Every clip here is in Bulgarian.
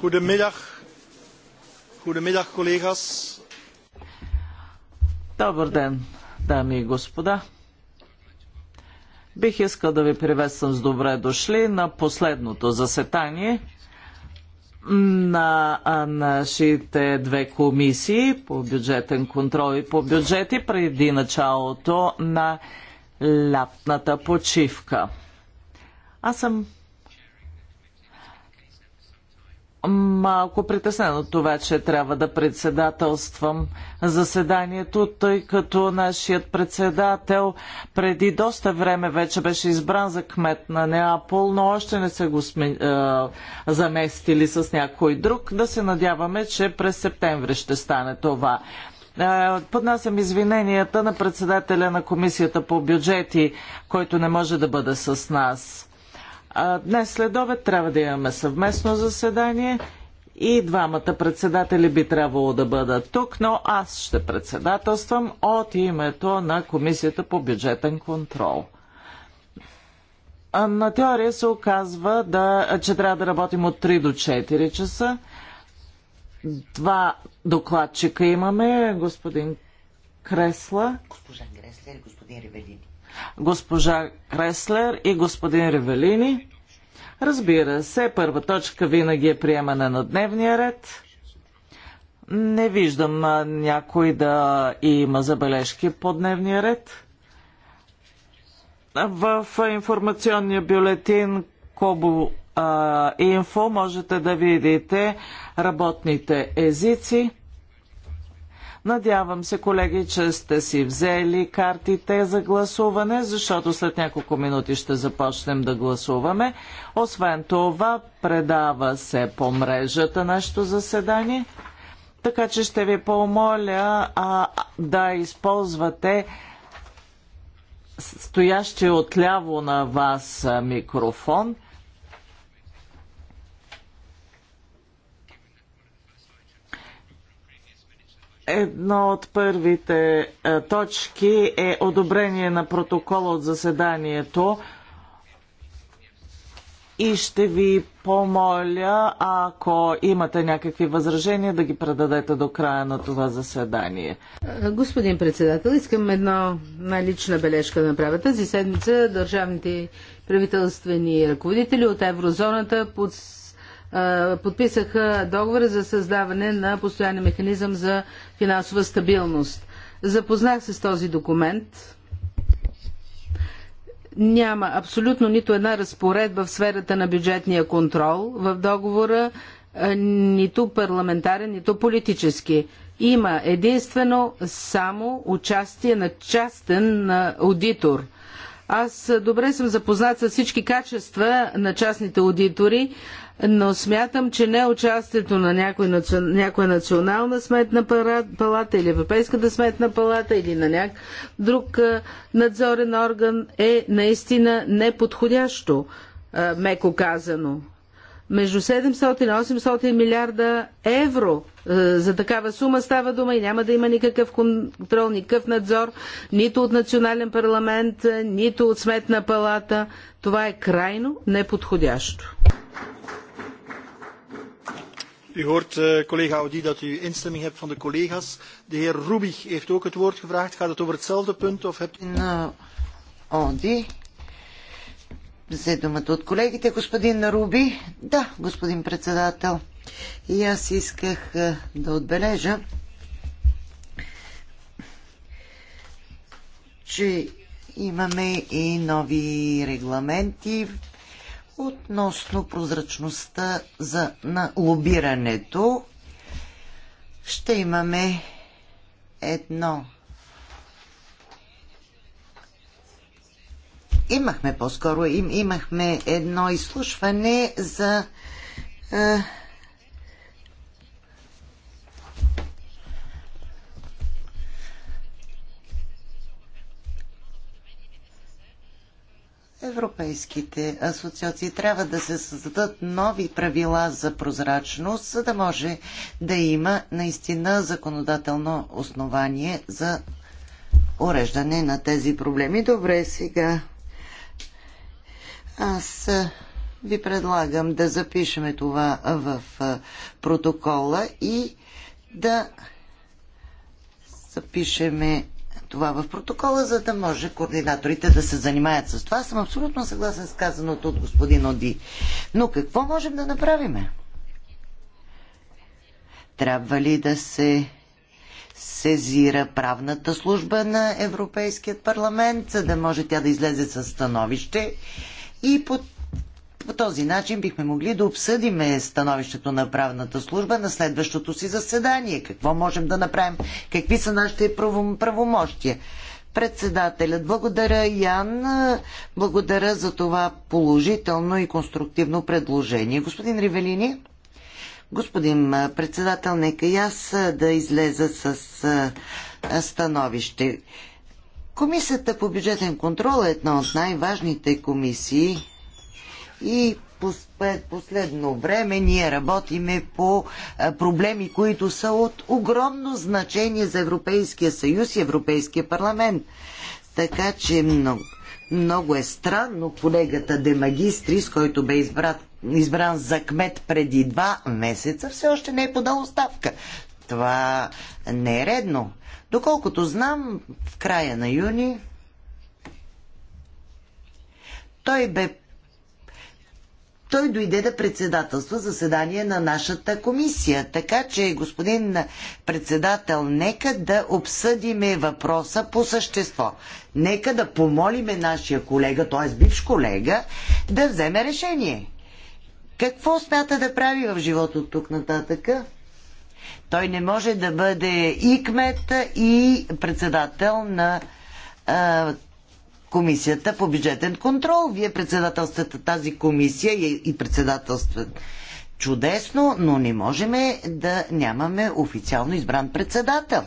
Goedemiddag. Goedemiddag, collega's. Добър ден, дами и господа. Бих искал да ви приветствам с добре дошли на последното заседание на нашите две комисии по бюджетен контрол и по бюджети преди началото на лятната почивка. Аз съм малко притеснен от това, че трябва да председателствам заседанието, тъй като нашият председател преди доста време вече беше избран за кмет на Неапол, но още не са го сме, е, заместили с някой друг. Да се надяваме, че през септември ще стане това. Поднасям извиненията на председателя на комисията по бюджети, който не може да бъде с нас а, днес след обед трябва да имаме съвместно заседание и двамата председатели би трябвало да бъдат тук, но аз ще председателствам от името на Комисията по бюджетен контрол. На теория се оказва, да, че трябва да работим от 3 до 4 часа. Два докладчика имаме, господин Кресла. Госпожа Кресла или господин Ревелини? госпожа Креслер и господин Ревелини. Разбира се, първа точка винаги е приемане на дневния ред. Не виждам някой да има забележки по дневния ред. В информационния бюлетин Кобо Инфо можете да видите работните езици. Надявам се, колеги, че сте си взели картите за гласуване, защото след няколко минути ще започнем да гласуваме. Освен това, предава се по мрежата нашето заседание. Така че ще ви помоля а, да използвате стоящия отляво на вас микрофон – Едно от първите е, точки е одобрение на протокола от заседанието и ще ви помоля, ако имате някакви възражения, да ги предадете до края на това заседание. Господин председател, искам една най-лична бележка да направя. Тази седмица държавните правителствени ръководители от еврозоната под подписаха договор за създаване на постоянен механизъм за финансова стабилност. Запознах се с този документ. Няма абсолютно нито една разпоредба в сферата на бюджетния контрол в договора, нито парламентарен, нито политически. Има единствено само участие на частен аудитор. Аз добре съм запознат с всички качества на частните аудитори, но смятам, че не участието на някой, някоя национална сметна палата или Европейската сметна палата или на някакъв друг надзорен орган е наистина неподходящо, меко казано. Между 700 и 800 милиарда евро за такава сума става дума и няма да има никакъв контрол, никакъв надзор, нито от национален парламент, нито от сметна палата. Това е крайно неподходящо. U hoort, collega Audi, dat u instemming hebt van de collega's. De heer Rubig heeft ook het woord gevraagd. Gaat het over hetzelfde punt of hebt u... Nou, Audi, взе думата от колегите. Господин Руби. Да, господин председател. И аз исках да отбележа, че имаме и нови регламенти относно прозрачността за, на лобирането. Ще имаме едно. Имахме по-скоро, им, имахме едно изслушване за е, европейските асоциации. Трябва да се създадат нови правила за прозрачност, за да може да има наистина законодателно основание за уреждане на тези проблеми. Добре, сега аз ви предлагам да запишеме това в протокола и да запишеме това в протокола, за да може координаторите да се занимаят с това. Аз съм абсолютно съгласен с казаното от господин Оди. Но какво можем да направиме? Трябва ли да се сезира правната служба на Европейският парламент, за да може тя да излезе със становище и под по този начин бихме могли да обсъдим становището на правната служба на следващото си заседание. Какво можем да направим? Какви са нашите правомощия? Председателят, благодаря Ян, благодаря за това положително и конструктивно предложение. Господин Ривелини? Господин председател, нека и аз да излеза с становище. Комисията по бюджетен контрол е една от най-важните комисии и последно време ние работиме по е, проблеми, които са от огромно значение за Европейския съюз и Европейския парламент. Така че много, много е странно колегата Демагистри, с който бе избрат, избран за кмет преди два месеца, все още не е подал оставка. Това не е редно. Доколкото знам, в края на юни той бе той дойде да председателства заседание на нашата комисия. Така че, господин председател, нека да обсъдиме въпроса по същество. Нека да помолиме нашия колега, т.е. бивш колега, да вземе решение. Какво смята да прави в живота от тук нататък? Той не може да бъде и кмет, и председател на а, комисията по бюджетен контрол. Вие председателствате тази комисия и, и председателствате чудесно, но не можем да нямаме официално избран председател.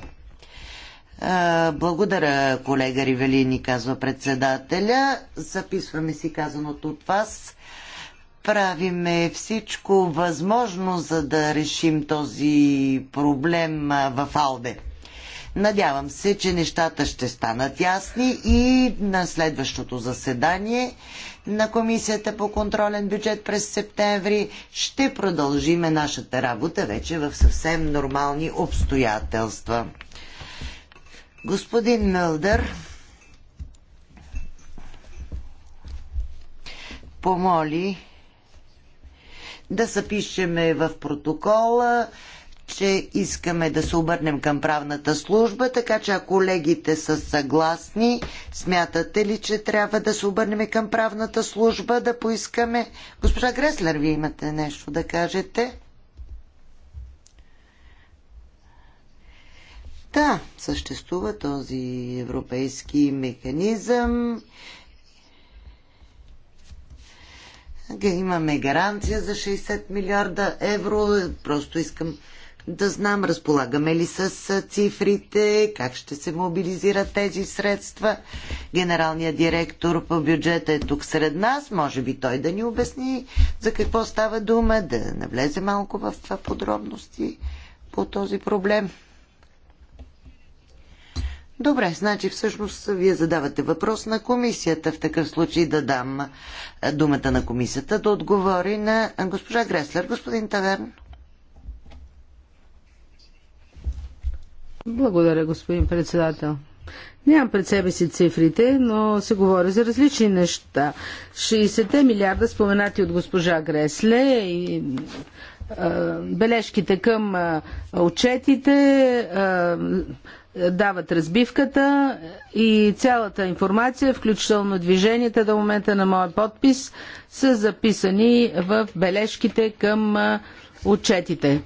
Благодаря, колега Ривелини, казва председателя. Записваме си казаното от вас. Правиме всичко възможно, за да решим този проблем в Алде. Надявам се, че нещата ще станат ясни и на следващото заседание на Комисията по контролен бюджет през септември ще продължиме нашата работа вече в съвсем нормални обстоятелства. Господин Мълдър помоли да запишеме в протокола че искаме да се обърнем към правната служба, така че ако колегите са съгласни, смятате ли, че трябва да се обърнем към правната служба, да поискаме... Госпожа Греслер, ви имате нещо да кажете? Да, съществува този европейски механизъм. Имаме гаранция за 60 милиарда евро. Просто искам да знам разполагаме ли с цифрите, как ще се мобилизират тези средства. Генералният директор по бюджета е тук сред нас, може би той да ни обясни за какво става дума, да навлезе малко в подробности по този проблем. Добре, значи всъщност вие задавате въпрос на комисията. В такъв случай да дам е, думата на комисията да отговори на госпожа Греслер. Господин Таверн. Благодаря, господин председател. Нямам пред себе си цифрите, но се говори за различни неща. 60 милиарда, споменати от госпожа Гресле, и бележките към отчетите, дават разбивката и цялата информация, включително движенията до момента на моя подпис, са записани в бележките към отчетите.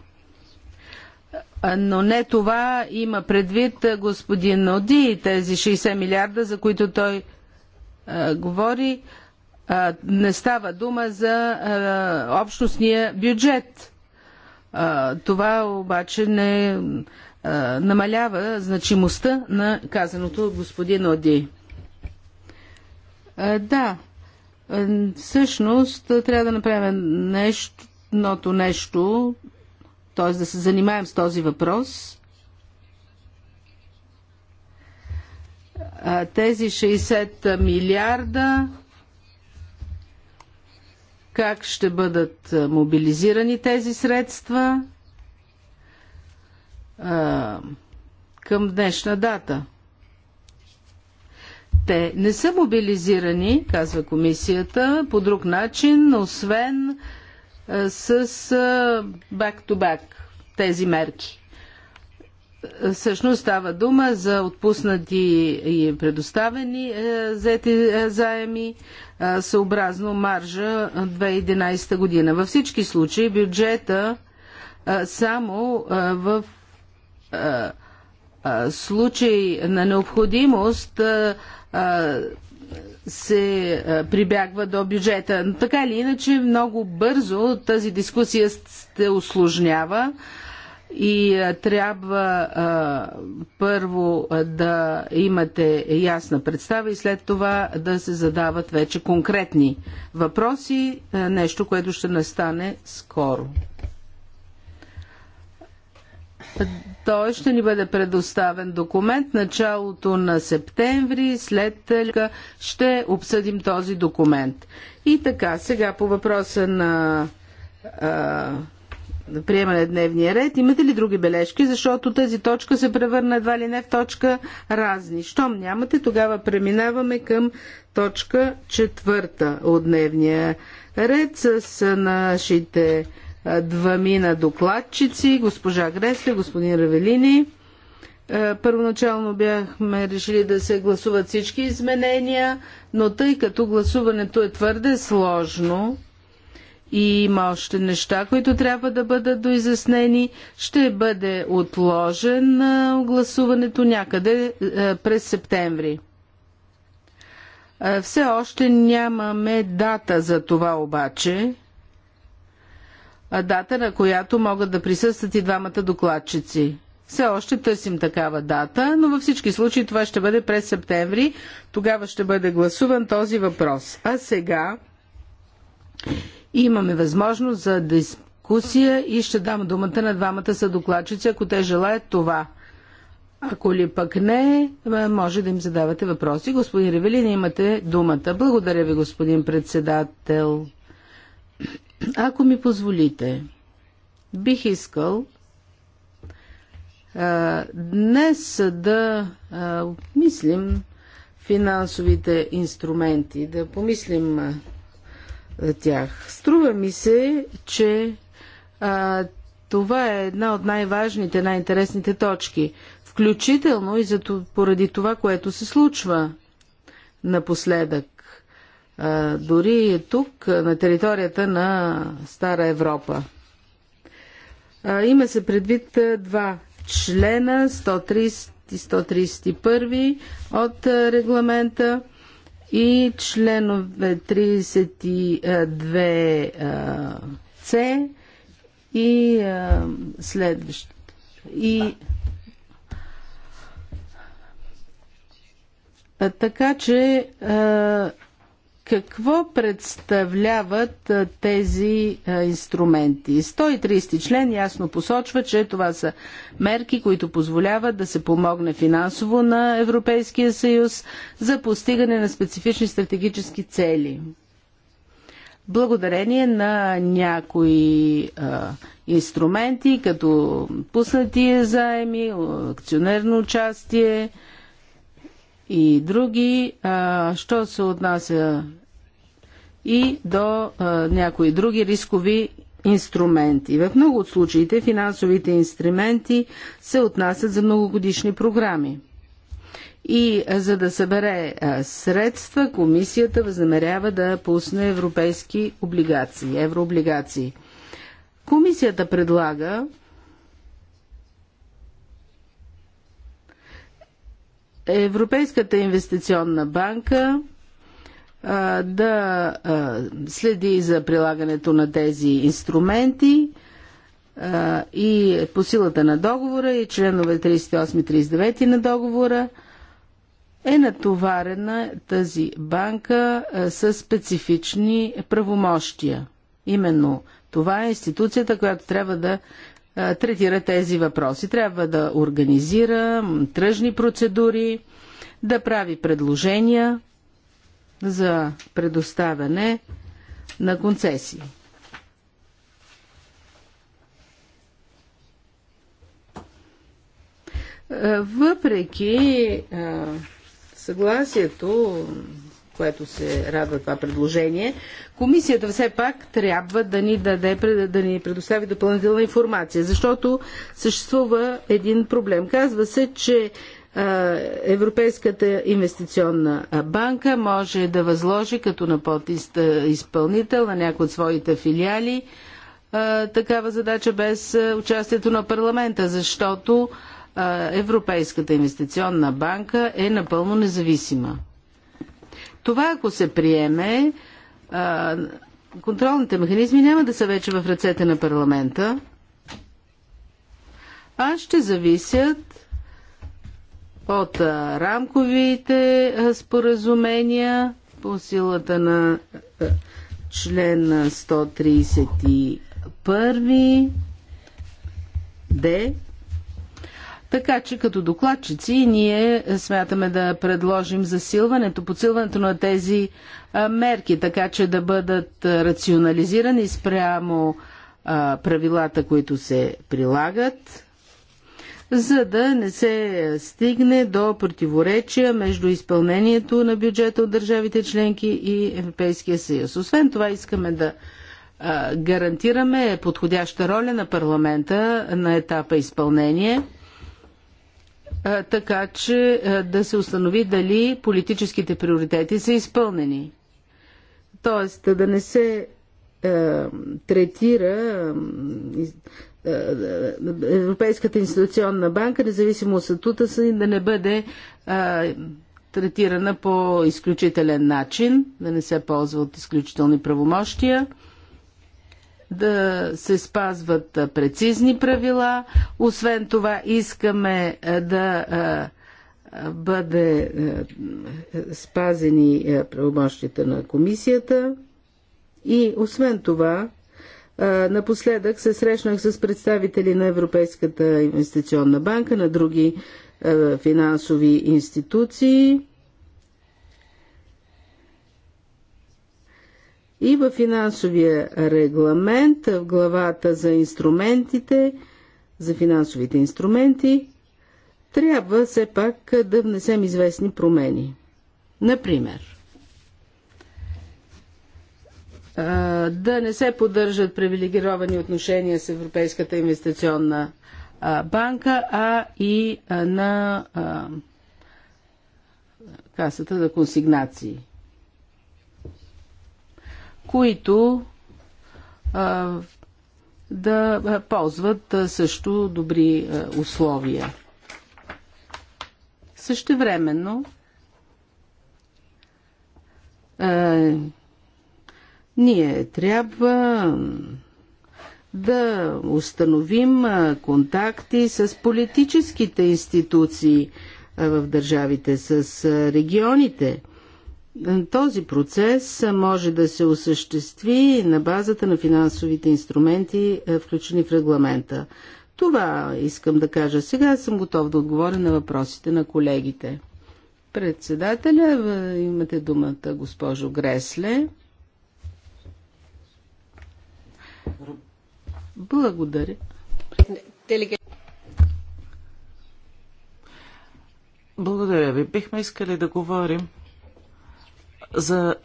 Но не това има предвид господин Оди и тези 60 милиарда, за които той а, говори. А, не става дума за а, общностния бюджет. А, това обаче не а, намалява значимостта на казаното от господин Оди. А, да, всъщност трябва да направим нещо, нещо т.е. да се занимаем с този въпрос. Тези 60 милиарда как ще бъдат мобилизирани тези средства към днешна дата. Те не са мобилизирани, казва комисията, по друг начин, освен с бак-то-бак тези мерки. Всъщност става дума за отпуснати и предоставени е, взети е, заеми е, съобразно маржа 2011 година. Във всички случаи бюджета само в случай на необходимост се прибягва до бюджета. Но така или иначе, много бързо тази дискусия се осложнява и трябва първо да имате ясна представа и след това да се задават вече конкретни въпроси, нещо, което ще настане скоро. Той ще ни бъде предоставен документ началото на септември, след ще обсъдим този документ. И така, сега по въпроса на а, приемане дневния ред. Имате ли други бележки? Защото тази точка се превърна едва ли не в точка разни. Щом нямате, тогава преминаваме към точка четвърта от дневния ред с нашите двамина докладчици, госпожа Гресле, господин Равелини. Първоначално бяхме решили да се гласуват всички изменения, но тъй като гласуването е твърде сложно и има още неща, които трябва да бъдат доизяснени, ще бъде отложен гласуването някъде през септември. Все още нямаме дата за това обаче дата, на която могат да присъстват и двамата докладчици. Все още търсим такава дата, но във всички случаи това ще бъде през септември. Тогава ще бъде гласуван този въпрос. А сега имаме възможност за дискусия и ще дам думата на двамата са докладчици. ако те желаят това. Ако ли пък не, може да им задавате въпроси. Господин Ревелин, имате думата. Благодаря ви, господин председател. Ако ми позволите, бих искал а, днес да а, мислим финансовите инструменти, да помислим за тях. Струва ми се, че а, това е една от най-важните, най-интересните точки, включително и за, поради това, което се случва напоследък дори тук, на територията на Стара Европа. Има се предвид два члена, 130 и 131 от регламента и членове 32c и следващите. И така че какво представляват тези инструменти? 130 член ясно посочва, че това са мерки, които позволяват да се помогне финансово на Европейския съюз за постигане на специфични стратегически цели. Благодарение на някои а, инструменти, като пуснати заеми, акционерно участие, и други. А, що се отнася и до а, някои други рискови инструменти. В много от случаите финансовите инструменти се отнасят за многогодишни програми. И а, за да събере а, средства, комисията възнамерява да пусне европейски облигации, еврооблигации. Комисията предлага Европейската инвестиционна банка да следи за прилагането на тези инструменти и по силата на договора и членове 38-39 на договора е натоварена тази банка с специфични правомощия. Именно това е институцията, която трябва да третира тези въпроси. Трябва да организира тръжни процедури, да прави предложения за предоставяне на концесии. Въпреки съгласието което се радва това предложение. Комисията все пак трябва да ни, даде, да ни предостави допълнителна информация, защото съществува един проблем. Казва се, че Европейската инвестиционна банка може да възложи като на изпълнител на някои от своите филиали такава задача без участието на парламента, защото Европейската инвестиционна банка е напълно независима. Това, ако се приеме, контролните механизми няма да са вече в ръцете на парламента, а ще зависят от рамковите споразумения по силата на член 131 Д така че като докладчици ние смятаме да предложим засилването, подсилването на тези мерки, така че да бъдат рационализирани спрямо правилата, които се прилагат, за да не се стигне до противоречия между изпълнението на бюджета от държавите членки и Европейския съюз. Освен това искаме да гарантираме подходяща роля на парламента на етапа изпълнение – така че да се установи дали политическите приоритети са изпълнени. Тоест да не се е, третира е, е, Европейската институционна банка, независимо от статута си, да не бъде третирана по изключителен начин, да не се ползва от изключителни правомощия да се спазват прецизни правила. Освен това искаме да бъде спазени правомощите на комисията. И освен това, напоследък се срещнах с представители на Европейската инвестиционна банка, на други финансови институции И във финансовия регламент, в главата за инструментите, за финансовите инструменти, трябва все пак да внесем известни промени. Например, да не се поддържат привилегировани отношения с Европейската инвестиционна банка, а и на касата за консигнации които а, да ползват също добри условия. Същевременно е, ние трябва да установим контакти с политическите институции в държавите, с регионите. Този процес може да се осъществи на базата на финансовите инструменти, е, включени в регламента. Това искам да кажа. Сега съм готов да отговоря на въпросите на колегите. Председателя, е, имате думата, госпожо Гресле. Благодаря. Благодаря ви. Бихме искали да говорим за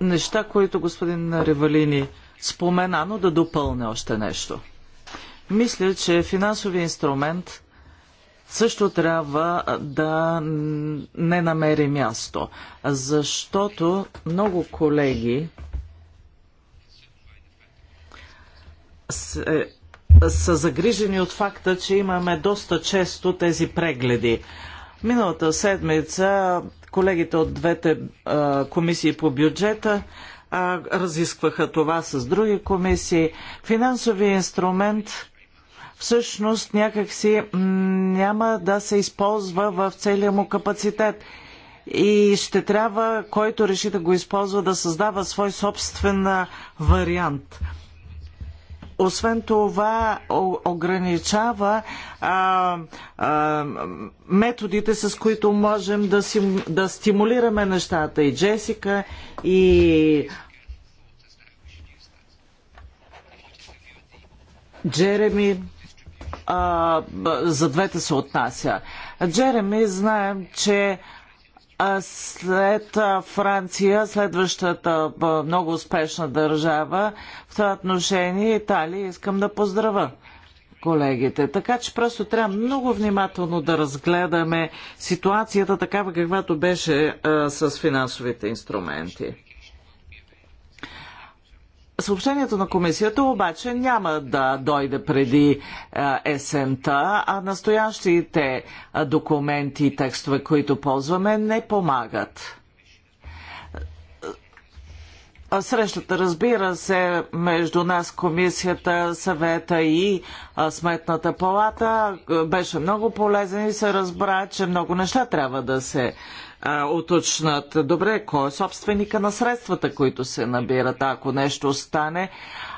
неща, които господин Ревалини спомена, но да допълне още нещо. Мисля, че финансови инструмент също трябва да не намери място, защото много колеги се, са загрижени от факта, че имаме доста често тези прегледи. Миналата седмица Колегите от двете а, комисии по бюджета а, разискваха това с други комисии. Финансовия инструмент всъщност някакси няма да се използва в целия му капацитет. И ще трябва, който реши да го използва, да създава свой собствен вариант. Освен това, ограничава а, а, методите, с които можем да, си, да стимулираме нещата. И Джесика, и Джереми а, за двете се отнася. Джереми знаем, че след Франция, следващата много успешна държава, в това отношение Италия искам да поздравя колегите. Така че просто трябва много внимателно да разгледаме ситуацията такава, каквато беше а, с финансовите инструменти. Съобщението на комисията обаче няма да дойде преди есента, а настоящите документи и текстове, които ползваме, не помагат. Срещата, разбира се, между нас, комисията, съвета и сметната палата беше много полезен и се разбра, че много неща трябва да се а, уточнат добре кой е собственика на средствата, които се набират, ако нещо стане,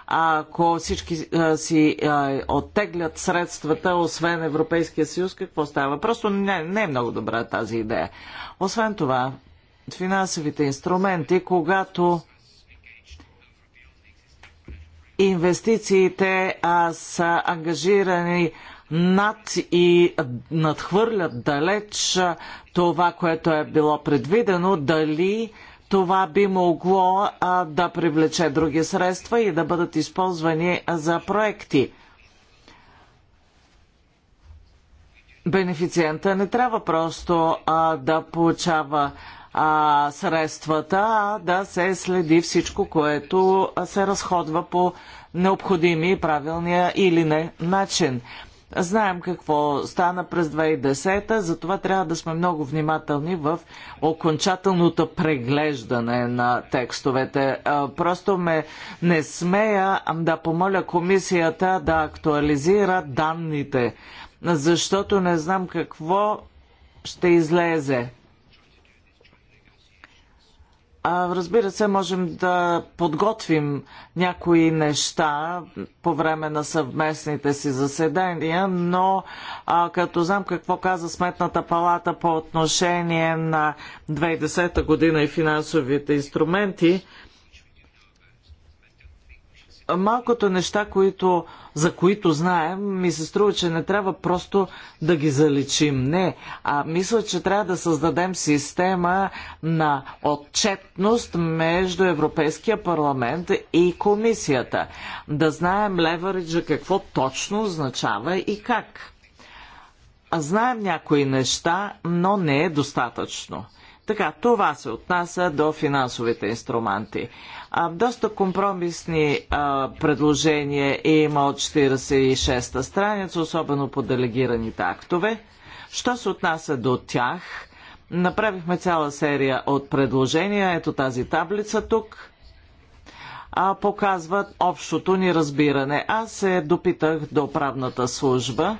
ако всички а, си а, оттеглят средствата, освен Европейския съюз, какво става? Просто не, не е много добра тази идея. Освен това, финансовите инструменти, когато инвестициите а, са ангажирани над и надхвърлят далеч това, което е било предвидено, дали това би могло а, да привлече други средства и да бъдат използвани за проекти. Бенефициента не трябва просто а, да получава а, средствата, а да се следи всичко, което се разходва по необходими и правилния или не начин. Знаем какво стана през 2010-та, затова трябва да сме много внимателни в окончателното преглеждане на текстовете. Просто ме не смея да помоля комисията да актуализира данните, защото не знам какво ще излезе. Разбира се, можем да подготвим някои неща по време на съвместните си заседания, но а, като знам какво каза Сметната палата по отношение на 2010 година и финансовите инструменти, малкото неща, които, за които знаем, ми се струва, че не трябва просто да ги заличим. Не, а мисля, че трябва да създадем система на отчетност между Европейския парламент и комисията. Да знаем левериджа какво точно означава и как. Знаем някои неща, но не е достатъчно. Така, това се отнася до финансовите инструменти доста компромисни а, предложения има от 46-та страница, особено по делегираните актове. Що се отнася до тях, направихме цяла серия от предложения. Ето тази таблица тук а, показват общото ни разбиране. Аз се допитах до правната служба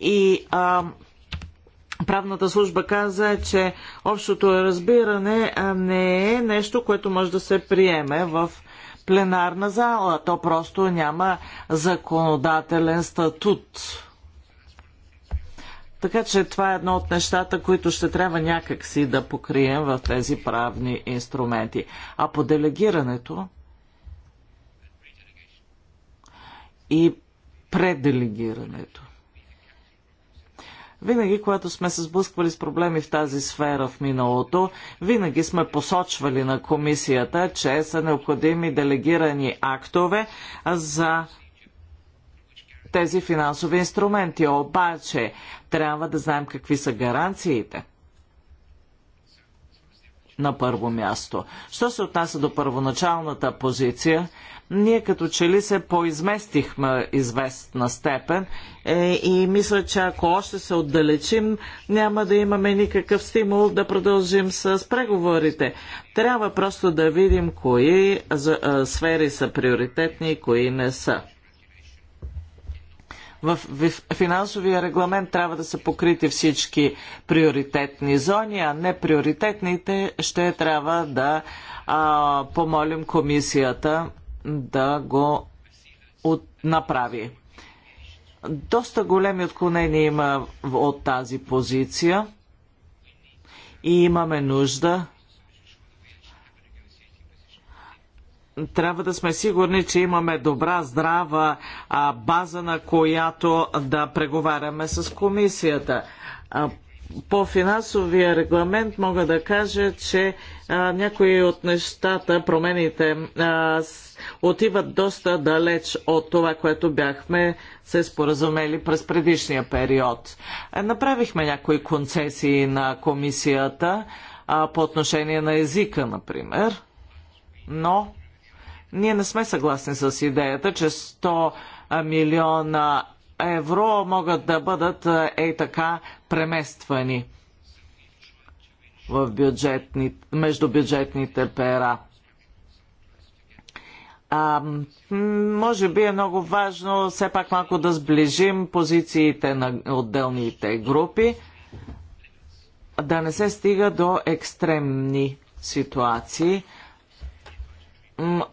и а, Правната служба каза, че общото разбиране не е нещо, което може да се приеме в пленарна зала. То просто няма законодателен статут. Така че това е едно от нещата, които ще трябва някакси да покрием в тези правни инструменти. А по делегирането и пределегирането. Винаги, когато сме се сблъсквали с проблеми в тази сфера в миналото, винаги сме посочвали на комисията, че са необходими делегирани актове за тези финансови инструменти. Обаче, трябва да знаем какви са гаранциите на първо място. Що се отнася до първоначалната позиция, ние като че ли се поизместихме известна степен е, и мисля, че ако още се отдалечим, няма да имаме никакъв стимул да продължим с преговорите. Трябва просто да видим кои сфери са приоритетни и кои не са в финансовия регламент трябва да са покрити всички приоритетни зони, а не приоритетните ще трябва да а, помолим комисията да го от... направи. Доста големи отклонения има от тази позиция и имаме нужда трябва да сме сигурни, че имаме добра, здрава база, на която да преговаряме с комисията по финансовия регламент мога да кажа, че а, някои от нещата, промените, а, отиват доста далеч от това, което бяхме се споразумели през предишния период. Е, направихме някои концесии на комисията а, по отношение на езика, например, но ние не сме съгласни с идеята, че 100 милиона евро могат да бъдат е така премествани в бюджетни, между бюджетните пера. А, може би е много важно все пак малко да сближим позициите на отделните групи, да не се стига до екстремни ситуации.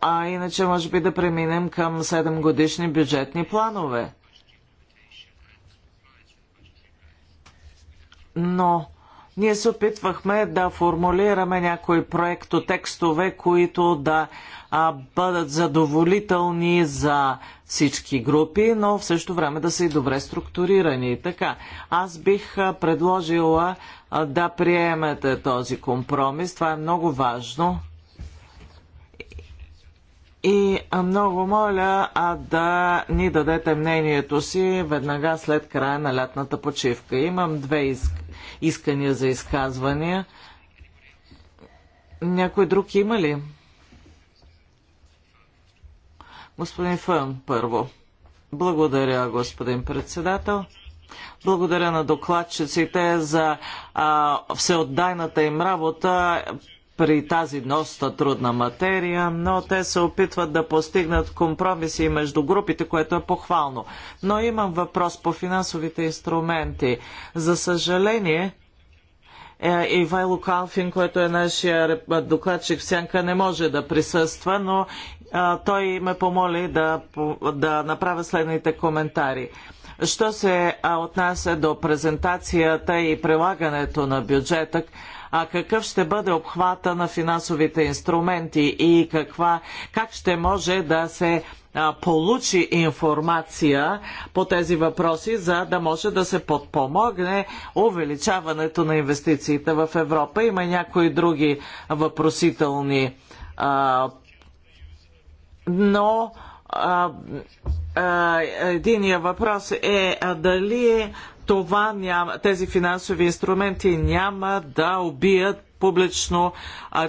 А иначе може би да преминем към 7 годишни бюджетни планове. но ние се опитвахме да формулираме някои проектотекстове, които да а, бъдат задоволителни за всички групи, но в същото време да са и добре структурирани. Така, аз бих предложила а, да приемете този компромис. Това е много важно. И много моля а да ни дадете мнението си веднага след края на лятната почивка. Имам две иск искания за изказвания. Някой друг има ли? Господин Фън, първо. Благодаря, господин председател. Благодаря на докладчиците за а, всеотдайната им работа при тази доста трудна материя, но те се опитват да постигнат компромиси между групите, което е похвално. Но имам въпрос по финансовите инструменти. За съжаление, е, Ивайло Калфин, който е нашия докладчик в Сянка, не може да присъства, но той ме помоли да, да направя следните коментари. Що се отнася до презентацията и прилагането на бюджета, а какъв ще бъде обхвата на финансовите инструменти и каква, как ще може да се получи информация по тези въпроси, за да може да се подпомогне увеличаването на инвестициите в Европа. Има някои други въпросителни, а, но а, Единият въпрос е дали е това няма, тези финансови инструменти няма да убият публично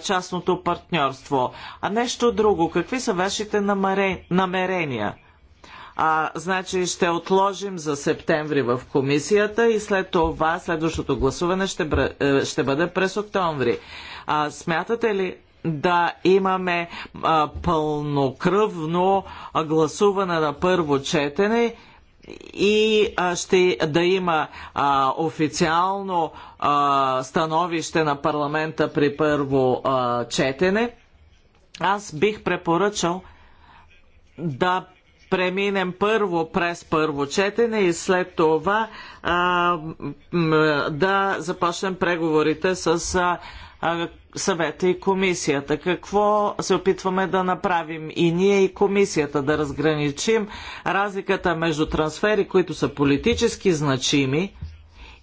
частното партньорство. А нещо друго, какви са вашите намерения? А, значи ще отложим за септември в комисията и след това следващото гласуване ще, е, ще бъде през октомври. А, смятате ли да имаме а, пълнокръвно гласуване на първо четене и ще да има а, официално а, становище на парламента при първо а, четене, аз бих препоръчал да преминем първо през първо четене и след това а, да започнем преговорите с а, съвета и комисията. Какво се опитваме да направим и ние и комисията да разграничим разликата между трансфери, които са политически значими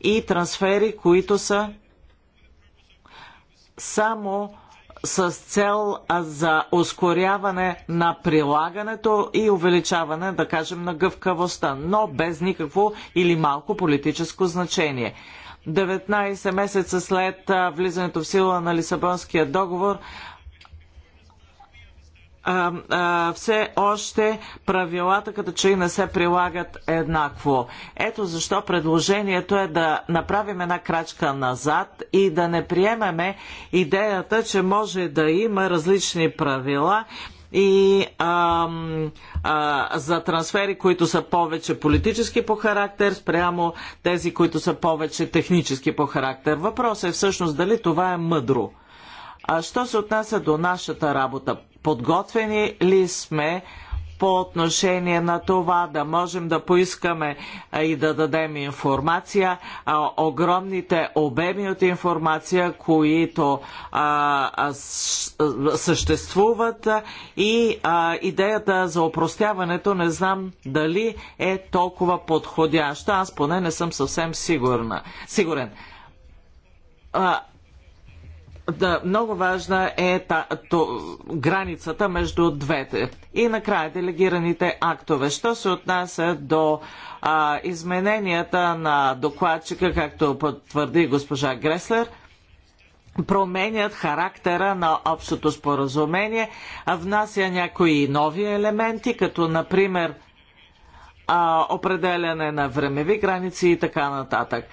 и трансфери, които са само с цел за ускоряване на прилагането и увеличаване, да кажем, на гъвкавостта, но без никакво или малко политическо значение. 19 месеца след влизането в сила на Лисабонския договор, а, а, все още правилата като че и не се прилагат еднакво. Ето защо предложението е да направим една крачка назад и да не приемеме идеята, че може да има различни правила и а, за трансфери, които са повече политически по характер, спрямо тези, които са повече технически по характер. Въпросът е всъщност дали това е мъдро. А що се отнася до нашата работа? Подготвени ли сме по отношение на това да можем да поискаме и да дадем информация, огромните обеми от информация, които съществуват и идеята за опростяването не знам дали е толкова подходяща. Аз поне не съм съвсем сигурна. сигурен. А, да, много важна е та, то, границата между двете. И накрая делегираните актове. Що се отнася до а, измененията на докладчика, както потвърди госпожа Греслер, променят характера на общото споразумение, внася някои нови елементи, като например а, определяне на времеви граници и така нататък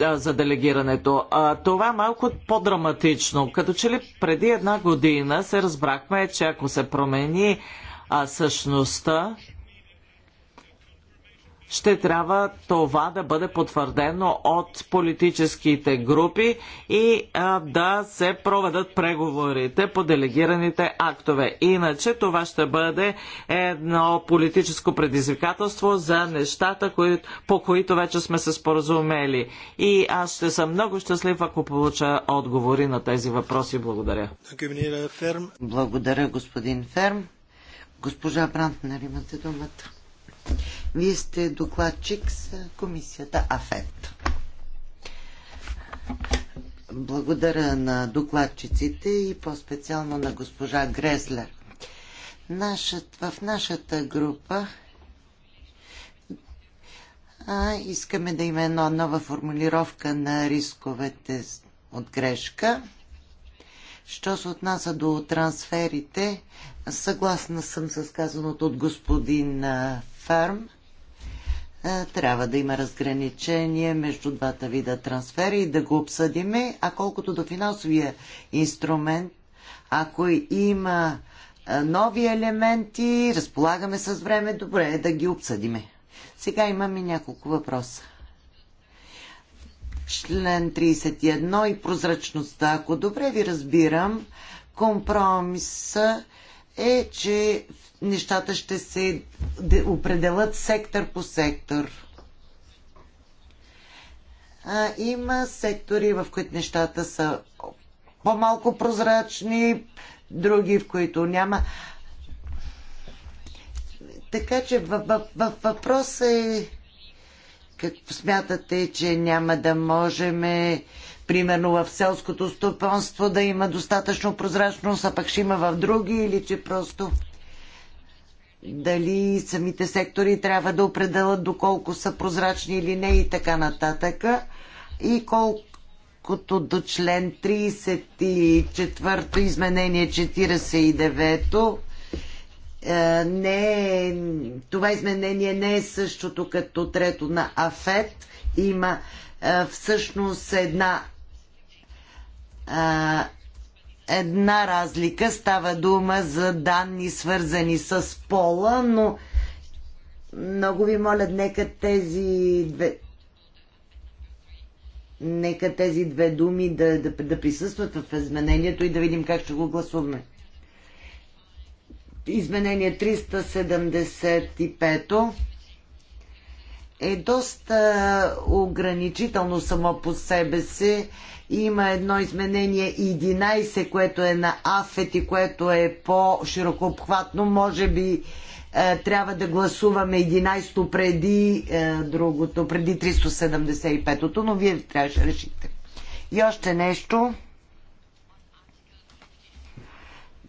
за делегирането. А, това е малко по-драматично. Като че ли преди една година се разбрахме, че ако се промени а, същността ще трябва това да бъде потвърдено от политическите групи и а, да се проведат преговорите по делегираните актове. Иначе това ще бъде едно политическо предизвикателство за нещата, кои, по които вече сме се споразумели. И аз ще съм много щастлив, ако получа отговори на тези въпроси. Благодаря. Благодаря, господин Ферм. Госпожа Брантнер, имате думата. Вие сте докладчик с комисията АФЕТ. Благодаря на докладчиците и по-специално на госпожа Греслер. Нашът, в нашата група а, искаме да има една нова формулировка на рисковете от грешка. Що се отнася до трансферите, Съгласна съм с казаното от господин Фарм. Трябва да има разграничение между двата вида трансфери и да го обсъдиме. А колкото до финансовия инструмент, ако има нови елементи, разполагаме с време, добре е да ги обсъдиме. Сега имаме няколко въпроса. Член 31 и прозрачността. Ако добре ви разбирам, компромиса е, че нещата ще се определят сектор по сектор. А, има сектори, в които нещата са по-малко прозрачни, други, в които няма. Така че въпросът е как смятате, че няма да можем примерно в селското стопанство да има достатъчно прозрачност, а пък ще има в други или че просто дали самите сектори трябва да определят доколко са прозрачни или не и така нататък. И колкото до член 34 изменение 49 е, не е, това изменение не е същото като трето на Афет. Има е, всъщност една а, една разлика. Става дума за данни свързани с пола, но много ви моля, нека тези две нека тези две думи да, да, да присъстват в изменението и да видим как ще го гласуваме. Изменение 375 е доста ограничително само по себе си. Се има едно изменение 11, което е на АФЕТ и което е по-широко обхватно. Може би е, трябва да гласуваме 11-то преди е, другото, преди 375-то, но вие трябваше да решите. И още нещо.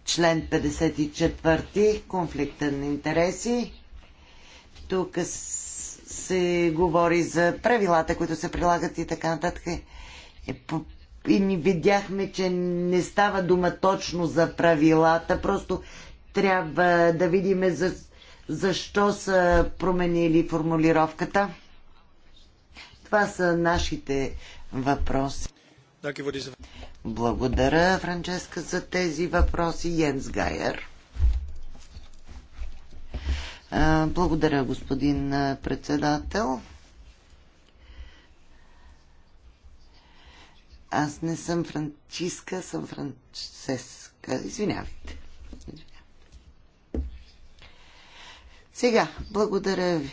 Член 54. Конфликта на интереси. Тук се говори за правилата, които се прилагат и така нататък. Е, и ни видяхме, че не става дума точно за правилата, просто трябва да видим за, защо са променили формулировката. Това са нашите въпроси. Благодаря, Франческа, за тези въпроси. Йенс Гайер. Благодаря, господин председател. Аз не съм Франциска, съм Францеска. Извинявайте. Сега, благодаря ви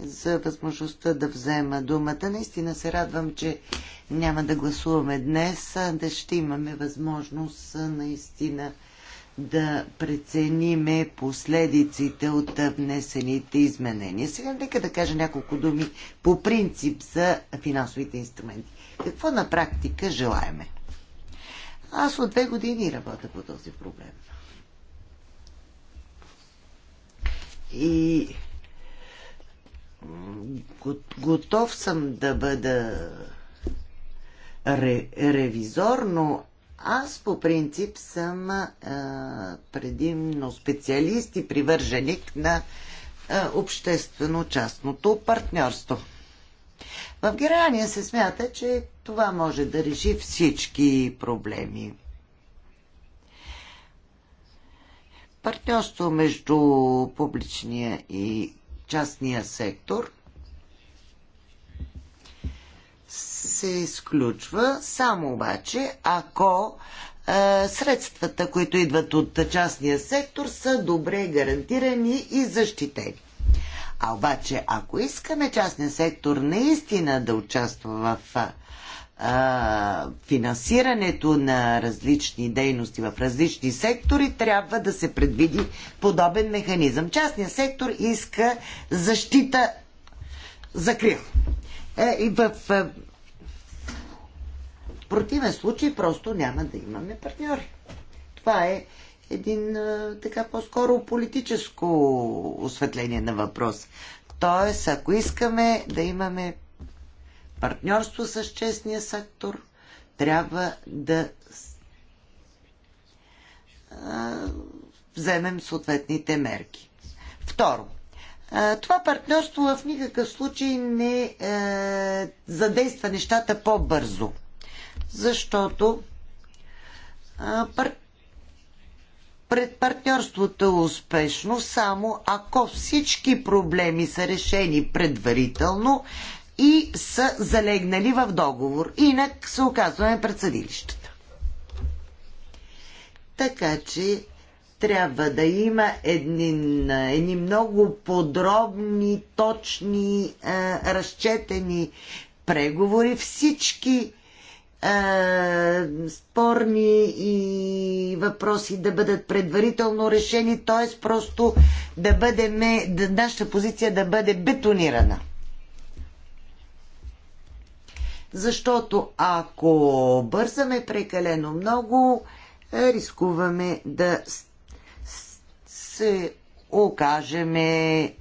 за възможността да взема думата. Наистина се радвам, че няма да гласуваме днес, а да ще имаме възможност наистина да прецениме последиците от внесените изменения. Сега нека да кажа няколко думи по принцип за финансовите инструменти какво на практика желаеме. Аз от две години работя по този проблем. И готов съм да бъда ре, ревизор, но аз по принцип съм а, предимно специалист и привърженик на обществено-частното партньорство. В Германия се смята, че това може да реши всички проблеми. Партньорство между публичния и частния сектор се изключва само обаче, ако е, средствата, които идват от частния сектор, са добре гарантирани и защитени. А обаче, ако искаме частния сектор наистина да участва в а, финансирането на различни дейности в различни сектори, трябва да се предвиди подобен механизъм. Частният сектор иска защита, за Е, и в В противен случай просто няма да имаме партньори. Това е един така по-скоро политическо осветление на въпрос. Тоест, ако искаме да имаме партньорство с честния сектор, трябва да вземем съответните мерки. Второ, това партньорство в никакъв случай не задейства нещата по-бързо, защото пред партньорството е успешно само ако всички проблеми са решени предварително и са залегнали в договор. Инак се оказваме пред съдилищата. Така че трябва да има едни, едни много подробни, точни, е, разчетени преговори. Всички спорни и въпроси да бъдат предварително решени, т.е. просто да бъдеме, да, нашата позиция да бъде бетонирана. Защото ако бързаме прекалено много, е, рискуваме да се окажеме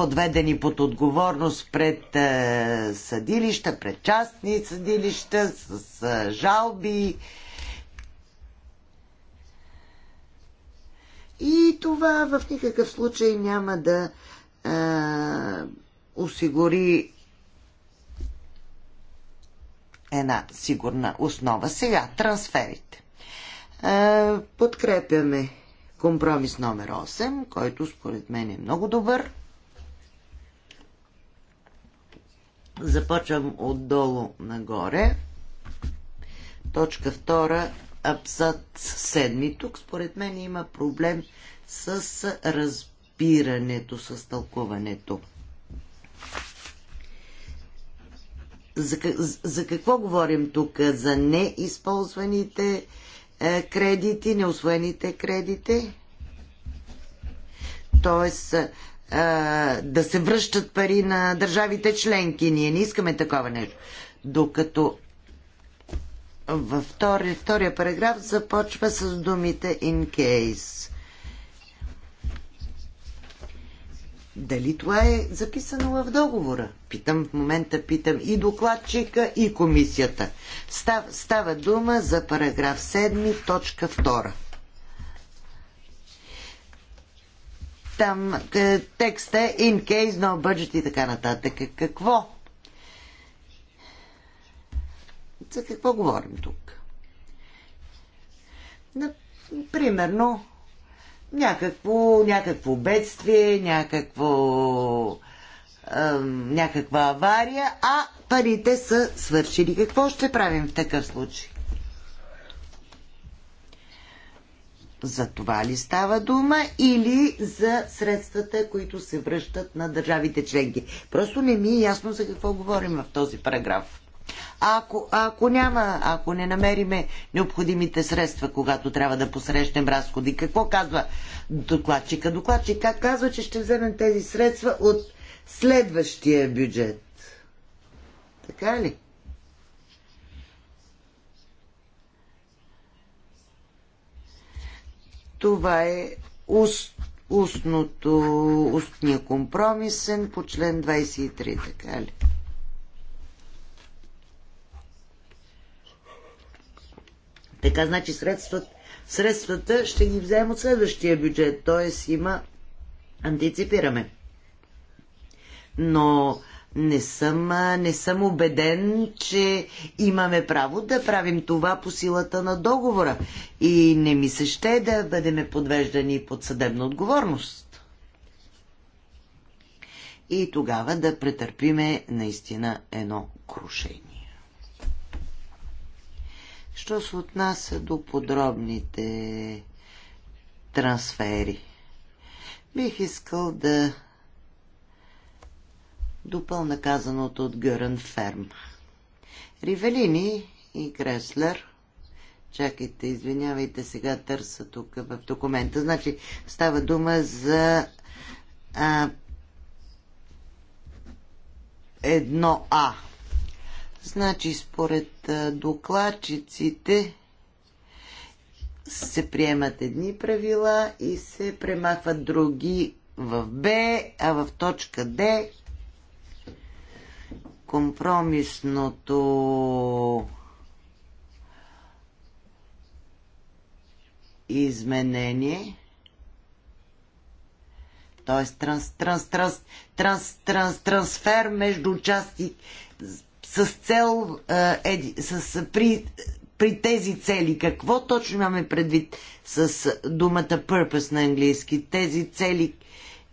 подведени под отговорност пред е, съдилища, пред частни съдилища, с е, жалби. И това в никакъв случай няма да е, осигури една сигурна основа. Сега, трансферите. Е, подкрепяме компромис номер 8, който според мен е много добър. Започвам отдолу нагоре. Точка втора, абзац 7. Тук според мен има проблем с разбирането, с тълкуването. За, за какво говорим тук? За неизползваните е, кредити, неосвоените кредити? Тоест, да се връщат пари на държавите членки. Ние не искаме такова нещо. Докато във втори, втория параграф започва с думите in case. Дали това е записано в договора? Питам в момента, питам и докладчика, и комисията. Става, става дума за параграф 7, точка 2. там е, текста in case, no budget и така нататък. Какво? За какво говорим тук? Примерно, някакво, някакво бедствие, някакво, ем, някаква авария, а парите са свършили. Какво ще правим в такъв случай? За това ли става дума или за средствата, които се връщат на държавите членки? Просто не ми е ясно за какво говорим в този параграф. ако, ако няма, ако не намериме необходимите средства, когато трябва да посрещнем разходи, какво казва докладчика? Докладчика казва, че ще вземем тези средства от следващия бюджет. Така ли? Това е уст, устното, устния компромисен по член 23, така ли? Така, значи средствата, средствата ще ги вземем от следващия бюджет, т.е. има антиципираме. Но не съм, не съм убеден, че имаме право да правим това по силата на договора. И не ми се ще да бъдем подвеждани под съдебна отговорност. И тогава да претърпиме наистина едно крушение. Що се отнася до подробните трансфери? Бих искал да допълна казаното от Гърън Ферм. Ривелини и Креслер. Чакайте, извинявайте, сега търса тук в документа. Значи става дума за а, едно А. Значи според а, докладчиците се приемат едни правила и се премахват други в Б, а в точка Д компромисното изменение, т.е. Транс, транс, транс, транс, транс, трансфер между части с цел е, с, при, при тези цели. Какво точно имаме предвид с думата purpose на английски? Тези цели,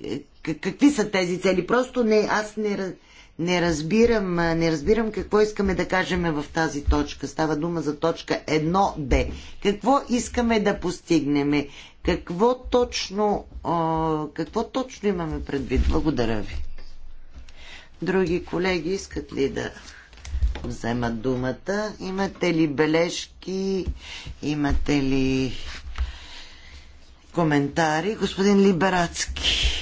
е, какви са тези цели? Просто не, аз не, не разбирам, не разбирам какво искаме да кажем в тази точка. Става дума за точка 1 Б. Какво искаме да постигнем? Какво точно, какво точно имаме предвид? Благодаря ви. Други колеги искат ли да вземат думата? Имате ли бележки? Имате ли коментари? Господин Либерацки.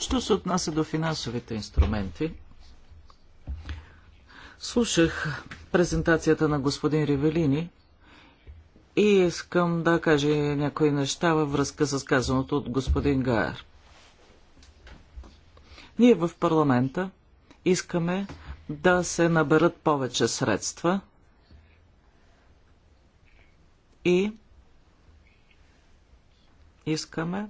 Що се отнася до финансовите инструменти, слушах презентацията на господин Ревелини и искам да кажа някои неща във връзка с казаното от господин Гаер. Ние в парламента искаме да се наберат повече средства и искаме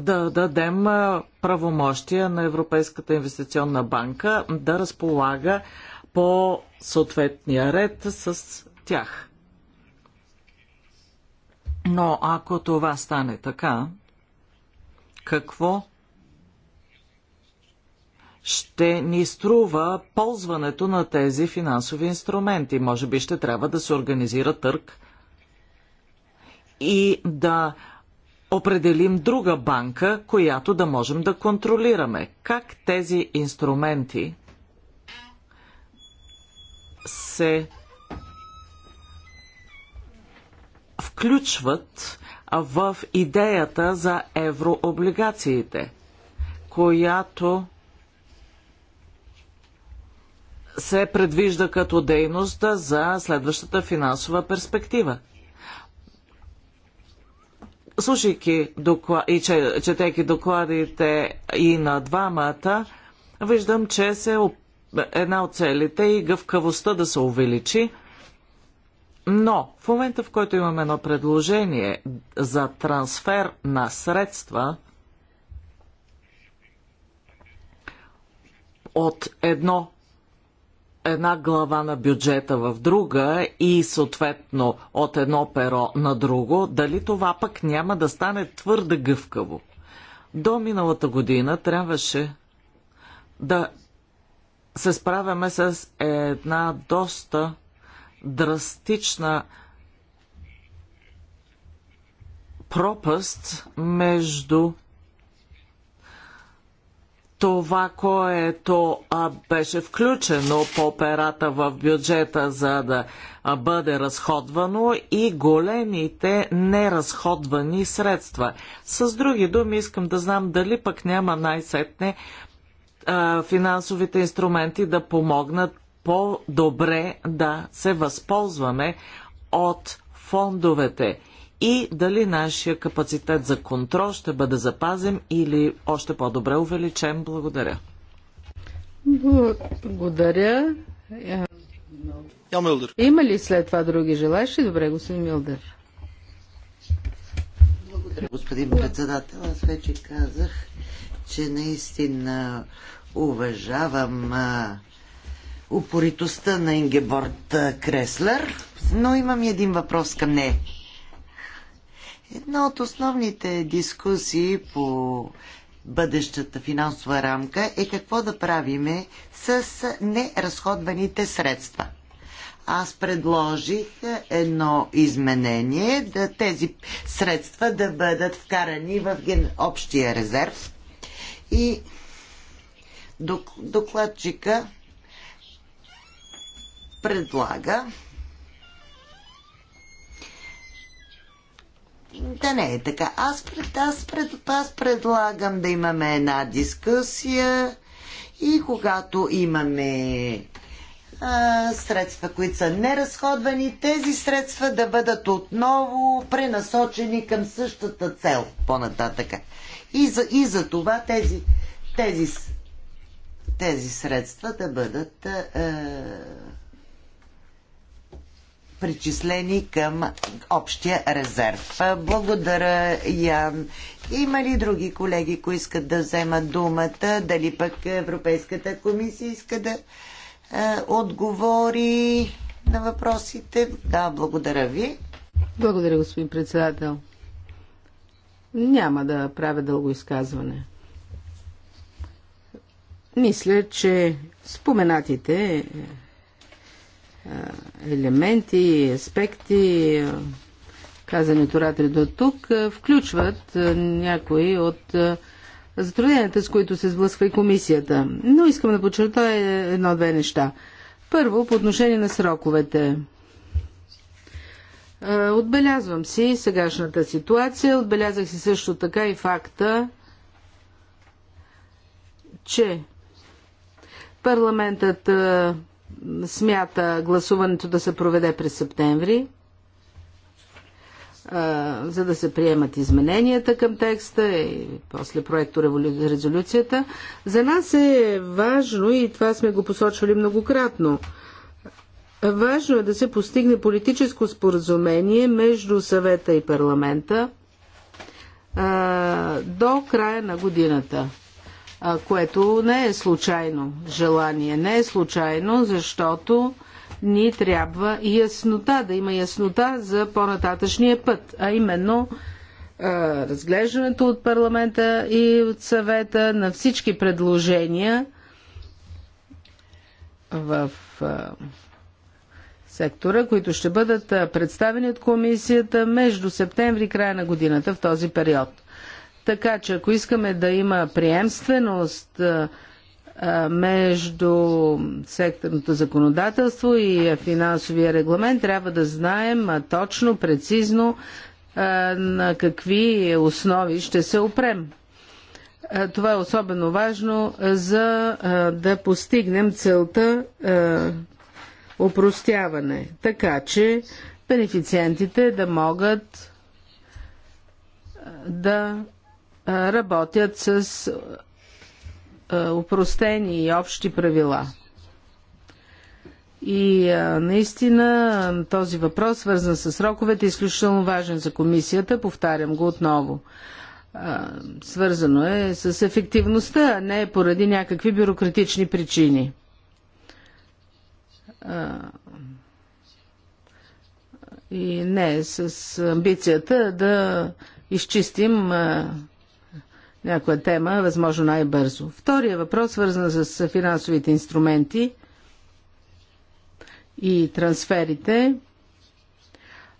да дадем правомощия на Европейската инвестиционна банка да разполага по съответния ред с тях. Но ако това стане така, какво ще ни струва ползването на тези финансови инструменти? Може би ще трябва да се организира търг и да определим друга банка, която да можем да контролираме. Как тези инструменти се включват в идеята за еврооблигациите, която се предвижда като дейност за следващата финансова перспектива слушайки доклад, и четейки докладите и на двамата, виждам, че се една от целите е и гъвкавостта да се увеличи. Но в момента, в който имаме едно предложение за трансфер на средства от едно една глава на бюджета в друга и съответно от едно перо на друго, дали това пък няма да стане твърде гъвкаво. До миналата година трябваше да се справяме с една доста драстична пропаст между това, което а, беше включено по перата в бюджета, за да а, бъде разходвано и големите неразходвани средства. С други думи, искам да знам дали пък няма най-сетне финансовите инструменти да помогнат по-добре да се възползваме от фондовете и дали нашия капацитет за контрол ще бъде запазен или още по-добре увеличен. Благодаря. Благодаря. Има ли след това други желащи? Добре, господин Милдер. Благодаря, господин председател. Аз вече казах, че наистина уважавам а, упоритостта на Ингеборд Креслер, но имам един въпрос към нея. Една от основните дискусии по бъдещата финансова рамка е какво да правиме с неразходваните средства. Аз предложих едно изменение да тези средства да бъдат вкарани в общия резерв и докладчика предлага да не е така. Аз, пред, аз, пред, аз предлагам да имаме една дискусия и когато имаме а, средства, които са неразходвани, тези средства да бъдат отново пренасочени към същата цел по-нататъка. И за, и за това тези, тези, тези средства да бъдат а, причислени към общия резерв. Благодаря, Ян. Има ли други колеги, които искат да вземат думата? Дали пък Европейската комисия иска да е, отговори на въпросите? Да, благодаря ви. Благодаря, господин председател. Няма да правя дълго изказване. Мисля, че споменатите е, елементи, аспекти, е, казани от до тук, е, включват някои от затрудненията, с които се сблъсква и комисията. Но искам да подчертая едно-две неща. Първо, по отношение на сроковете. Отбелязвам си сегашната ситуация, отбелязах си също така и факта, че парламентът смята гласуването да се проведе през септември, за да се приемат измененията към текста и после проекто резолюцията. За нас е важно, и това сме го посочвали многократно, важно е да се постигне политическо споразумение между съвета и парламента до края на годината което не е случайно желание. Не е случайно, защото ни трябва яснота, да има яснота за по-нататъчния път, а именно разглеждането от парламента и от съвета на всички предложения в сектора, които ще бъдат представени от комисията между септември и края на годината в този период. Така че ако искаме да има приемственост между секторното законодателство и финансовия регламент, трябва да знаем точно, прецизно на какви основи ще се опрем. Това е особено важно за да постигнем целта опростяване, така че бенефициентите да могат да работят с упростени и общи правила. И а, наистина този въпрос, свързан с сроковете, е изключително важен за комисията. Повтарям го отново. А, свързано е с ефективността, а не поради някакви бюрократични причини. А, и не с амбицията да изчистим някоя тема, възможно най-бързо. Втория въпрос, свързан с финансовите инструменти и трансферите.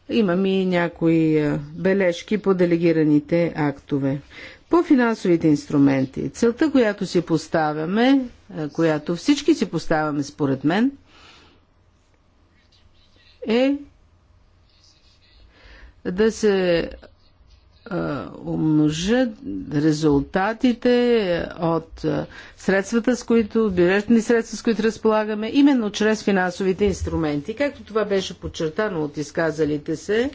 Имам и някои е, бележки по делегираните актове. По финансовите инструменти. Целта, която си поставяме, е, която всички си поставяме според мен, е да се умножат резултатите от средствата, с които, бюджетни средства, с които разполагаме, именно чрез финансовите инструменти. Както това беше подчертано от изказалите се,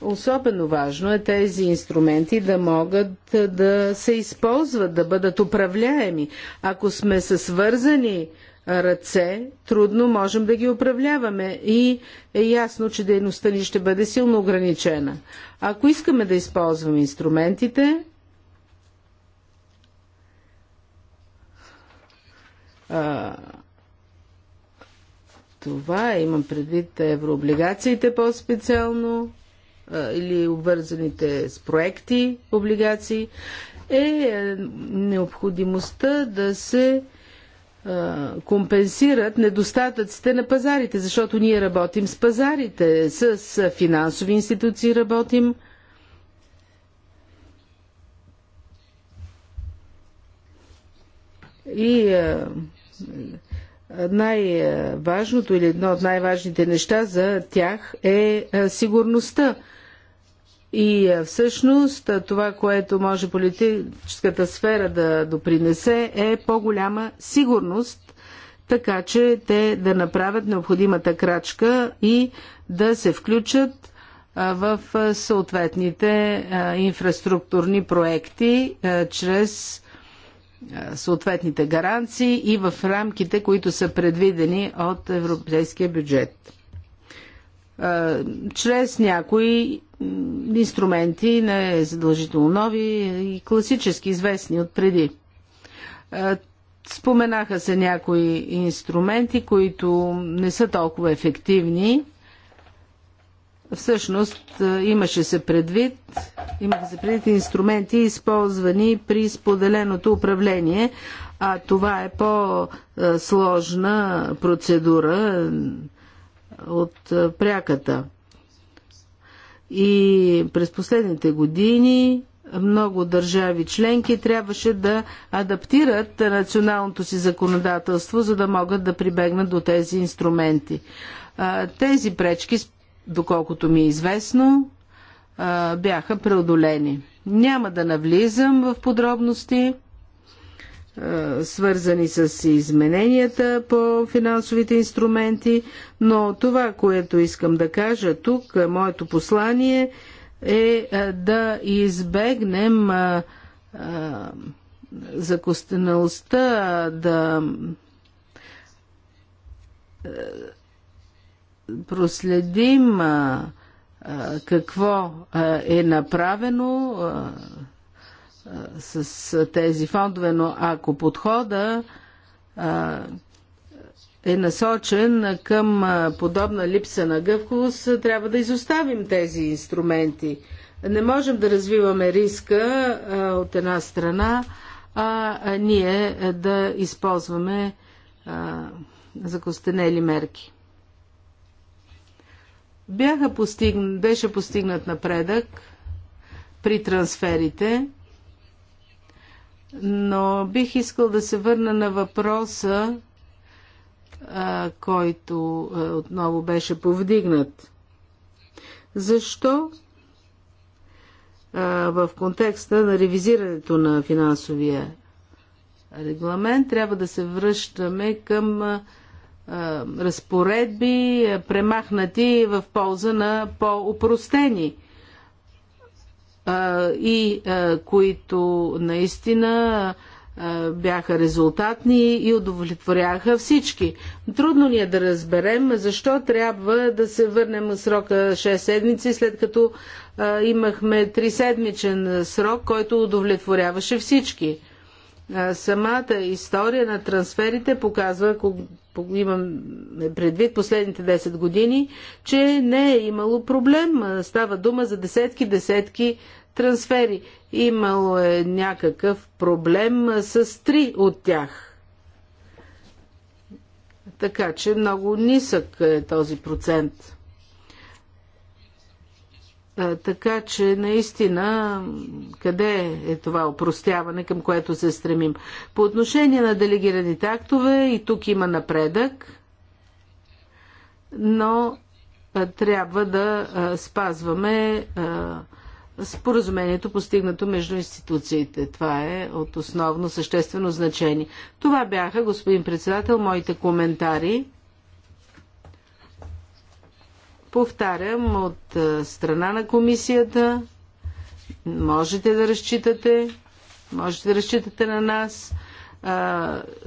особено важно е тези инструменти да могат да се използват, да бъдат управляеми. Ако сме със свързани ръце, трудно можем да ги управляваме и е ясно, че дейността ни ще бъде силно ограничена. Ако искаме да използваме инструментите, а, това е, имам предвид еврооблигациите по-специално или обвързаните с проекти облигации, е, е необходимостта да се компенсират недостатъците на пазарите, защото ние работим с пазарите, с финансови институции работим. И най-важното или едно от най-важните неща за тях е сигурността и е, всъщност е, това, което може политическата сфера да допринесе е по-голяма сигурност, така че те да направят необходимата крачка и да се включат е, в съответните инфраструктурни проекти чрез съответните гаранции и в рамките, които са предвидени от европейския бюджет чрез някои инструменти, не задължително нови и класически известни от преди. Споменаха се някои инструменти, които не са толкова ефективни. Всъщност имаше се предвид, имаха се предвид инструменти, използвани при споделеното управление, а това е по-сложна процедура, от пряката. И през последните години много държави членки трябваше да адаптират националното си законодателство, за да могат да прибегнат до тези инструменти. Тези пречки, доколкото ми е известно, бяха преодолени. Няма да навлизам в подробности свързани с измененията по финансовите инструменти, но това, което искам да кажа тук, моето послание е да избегнем закостеналостта, да проследим какво е направено с тези фондове, но ако подхода е насочен към подобна липса на гъвкавост, трябва да изоставим тези инструменти. Не можем да развиваме риска от една страна, а ние да използваме закостенели мерки. Бяха постигн... Беше постигнат напредък при трансферите. Но бих искал да се върна на въпроса, който отново беше повдигнат. Защо в контекста на ревизирането на финансовия регламент трябва да се връщаме към разпоредби, премахнати в полза на по-упростени и които наистина бяха резултатни и удовлетворяха всички. Трудно ни е да разберем защо трябва да се върнем срока 6 седмици, след като имахме 3 седмичен срок, който удовлетворяваше всички. Самата история на трансферите показва, ако имам предвид последните 10 години, че не е имало проблем. Става дума за десетки-десетки трансфери. Имало е някакъв проблем с три от тях. Така че много нисък е този процент. Така че наистина къде е това опростяване, към което се стремим? По отношение на делегираните актове и тук има напредък, но трябва да спазваме споразумението постигнато между институциите. Това е от основно съществено значение. Това бяха, господин председател, моите коментари. Повтарям, от страна на комисията можете да разчитате, можете да разчитате на нас.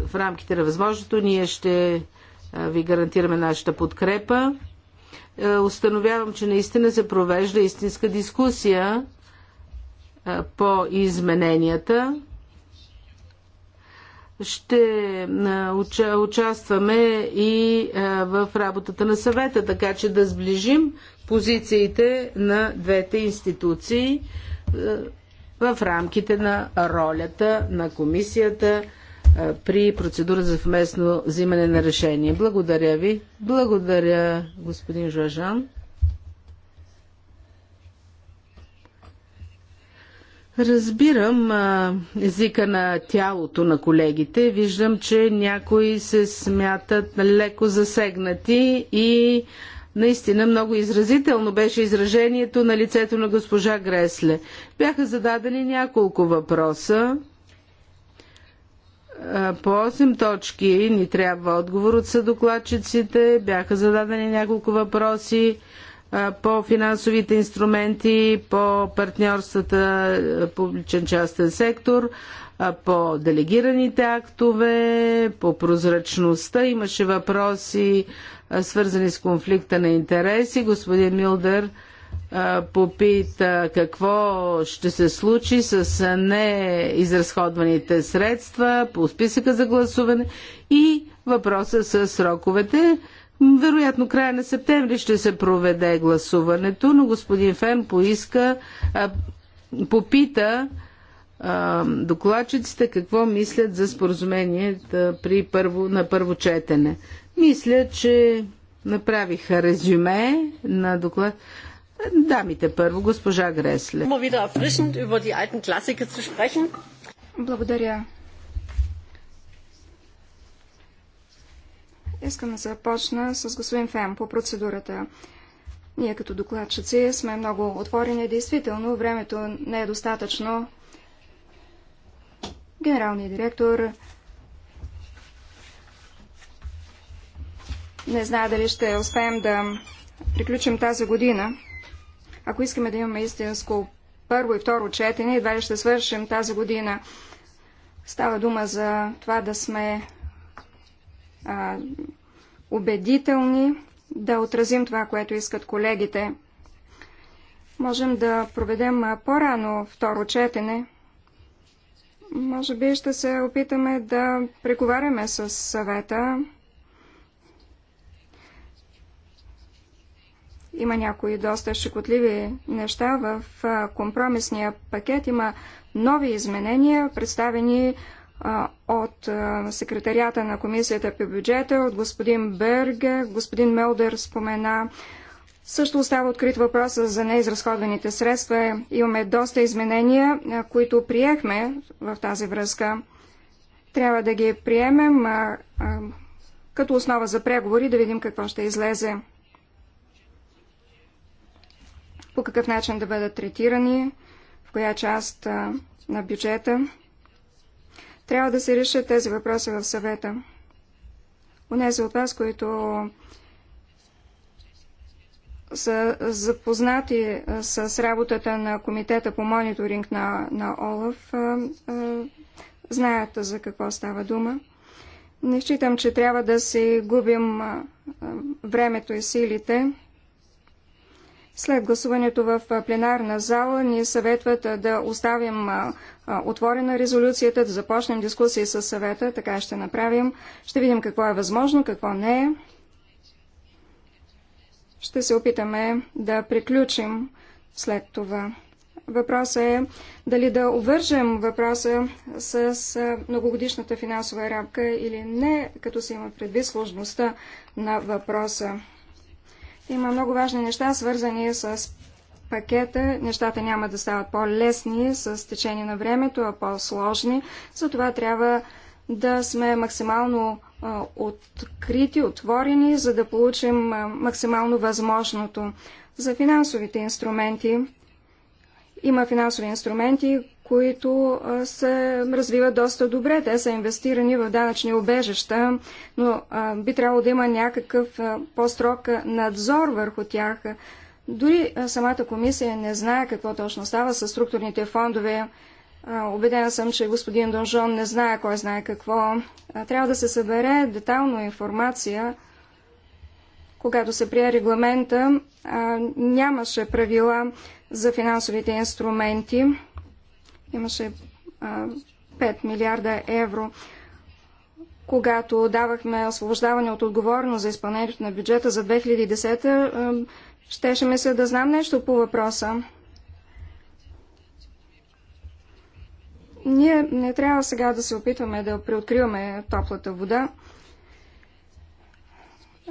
В рамките на възможното ние ще ви гарантираме нашата подкрепа. Установявам, че наистина се провежда истинска дискусия по измененията ще участваме и в работата на съвета, така че да сближим позициите на двете институции в рамките на ролята на комисията при процедура за вместно взимане на решение. Благодаря ви. Благодаря, господин Жажан. Разбирам а, езика на тялото на колегите. Виждам, че някои се смятат леко засегнати и наистина много изразително беше изражението на лицето на госпожа Гресле. Бяха зададени няколко въпроса. По 8 точки ни трябва отговор от съдокладчиците. Бяха зададени няколко въпроси по финансовите инструменти, по партньорствата публичен-частен сектор, по делегираните актове, по прозрачността. Имаше въпроси свързани с конфликта на интереси. Господин Милдер попита какво ще се случи с неизразходваните средства по списъка за гласуване и въпроса с сроковете. Вероятно края на септември ще се проведе гласуването, но господин Фен поиска, а, попита а, докладчиците какво мислят за споразумението при първо, на първо четене. Мисля, че направиха резюме на доклад. Дамите първо, госпожа Гресле. Благодаря. Искам да започна с господин Фем по процедурата. Ние като докладчици сме много отворени. Действително, времето не е достатъчно. Генералният директор не знае дали ще успеем да приключим тази година. Ако искаме да имаме истинско първо и второ четене, едва ли ще свършим тази година. Става дума за това да сме а, убедителни, да отразим това, което искат колегите. Можем да проведем по-рано второ четене. Може би ще се опитаме да преговаряме с съвета. Има някои доста шикотливи неща в компромисния пакет. Има нови изменения, представени от секретарията на Комисията по бюджета, от господин Берге, господин Мелдер спомена. Също остава открит въпроса за неизразходваните средства. Имаме доста изменения, които приехме в тази връзка. Трябва да ги приемем а, а, като основа за преговори, да видим какво ще излезе. По какъв начин да бъдат третирани, в коя част а, на бюджета. Трябва да се решат тези въпроси в съвета. Унези от вас, които са запознати с работата на Комитета по мониторинг на, на ОЛАФ, знаят за какво става дума. Не считам, че трябва да си губим времето и силите след гласуването в пленарна зала ни съветват да оставим отворена резолюцията, да започнем дискусии с съвета, така ще направим. Ще видим какво е възможно, какво не е. Ще се опитаме да приключим след това. Въпросът е дали да обвържем въпроса с многогодишната финансова рамка или не, като се има предвид сложността на въпроса. Има много важни неща, свързани с пакета. Нещата няма да стават по-лесни с течение на времето, а по-сложни. Затова трябва да сме максимално открити, отворени, за да получим максимално възможното. За финансовите инструменти има финансови инструменти, които се развиват доста добре. Те са инвестирани в данъчни обежища, но би трябвало да има някакъв по-строг надзор върху тях. Дори самата комисия не знае какво точно става с структурните фондове. Обедена съм, че господин Донжон не знае кой знае какво. Трябва да се събере детално информация. Когато се прие регламента, нямаше правила за финансовите инструменти. Имаше а, 5 милиарда евро. Когато давахме освобождаване от отговорност за изпълнението на бюджета за 2010, щеше ми се да знам нещо по въпроса. Ние не трябва сега да се опитваме да приоткриваме топлата вода.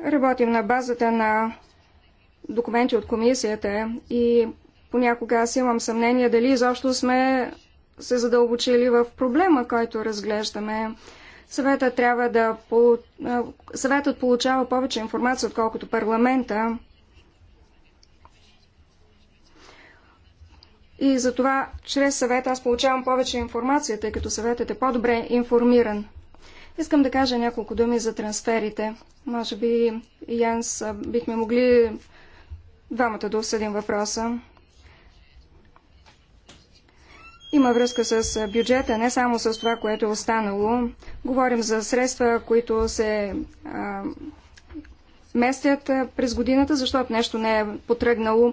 Работим на базата на документи от комисията и понякога аз имам съмнение дали изобщо сме се задълбочили в проблема, който разглеждаме. Съветът трябва да... Съветът получава повече информация, отколкото парламента. И затова чрез съвет аз получавам повече информация, тъй като съветът е по-добре информиран. Искам да кажа няколко думи за трансферите. Може би, Янс, бихме могли двамата да обсъдим въпроса има връзка с бюджета, не само с това, което е останало. Говорим за средства, които се а, местят през годината, защото нещо не е потръгнало.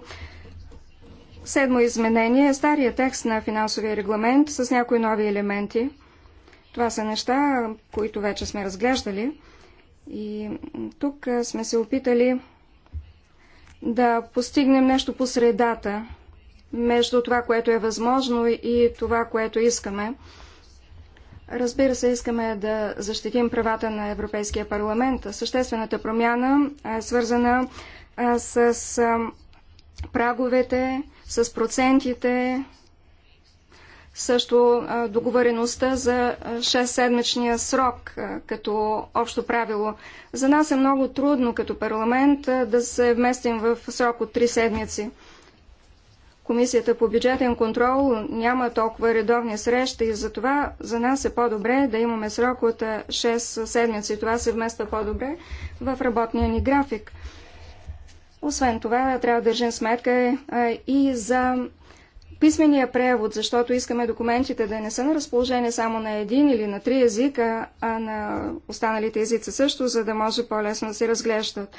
Седмо изменение е стария текст на финансовия регламент с някои нови елементи. Това са неща, които вече сме разглеждали. И тук сме се опитали да постигнем нещо по средата – между това, което е възможно и това, което искаме. Разбира се, искаме да защитим правата на Европейския парламент. Съществената промяна е свързана с праговете, с процентите, също договореността за 6-седмичния срок като общо правило. За нас е много трудно като парламент да се вместим в срок от 3 седмици. Комисията по бюджетен контрол няма толкова редовни срещи и затова за нас е по-добре да имаме срок от 6 седмици. Това се вмества по-добре в работния ни график. Освен това, трябва да държим сметка и за писмения превод, защото искаме документите да не са на разположение само на един или на три езика, а на останалите езици също, за да може по-лесно да се разглеждат.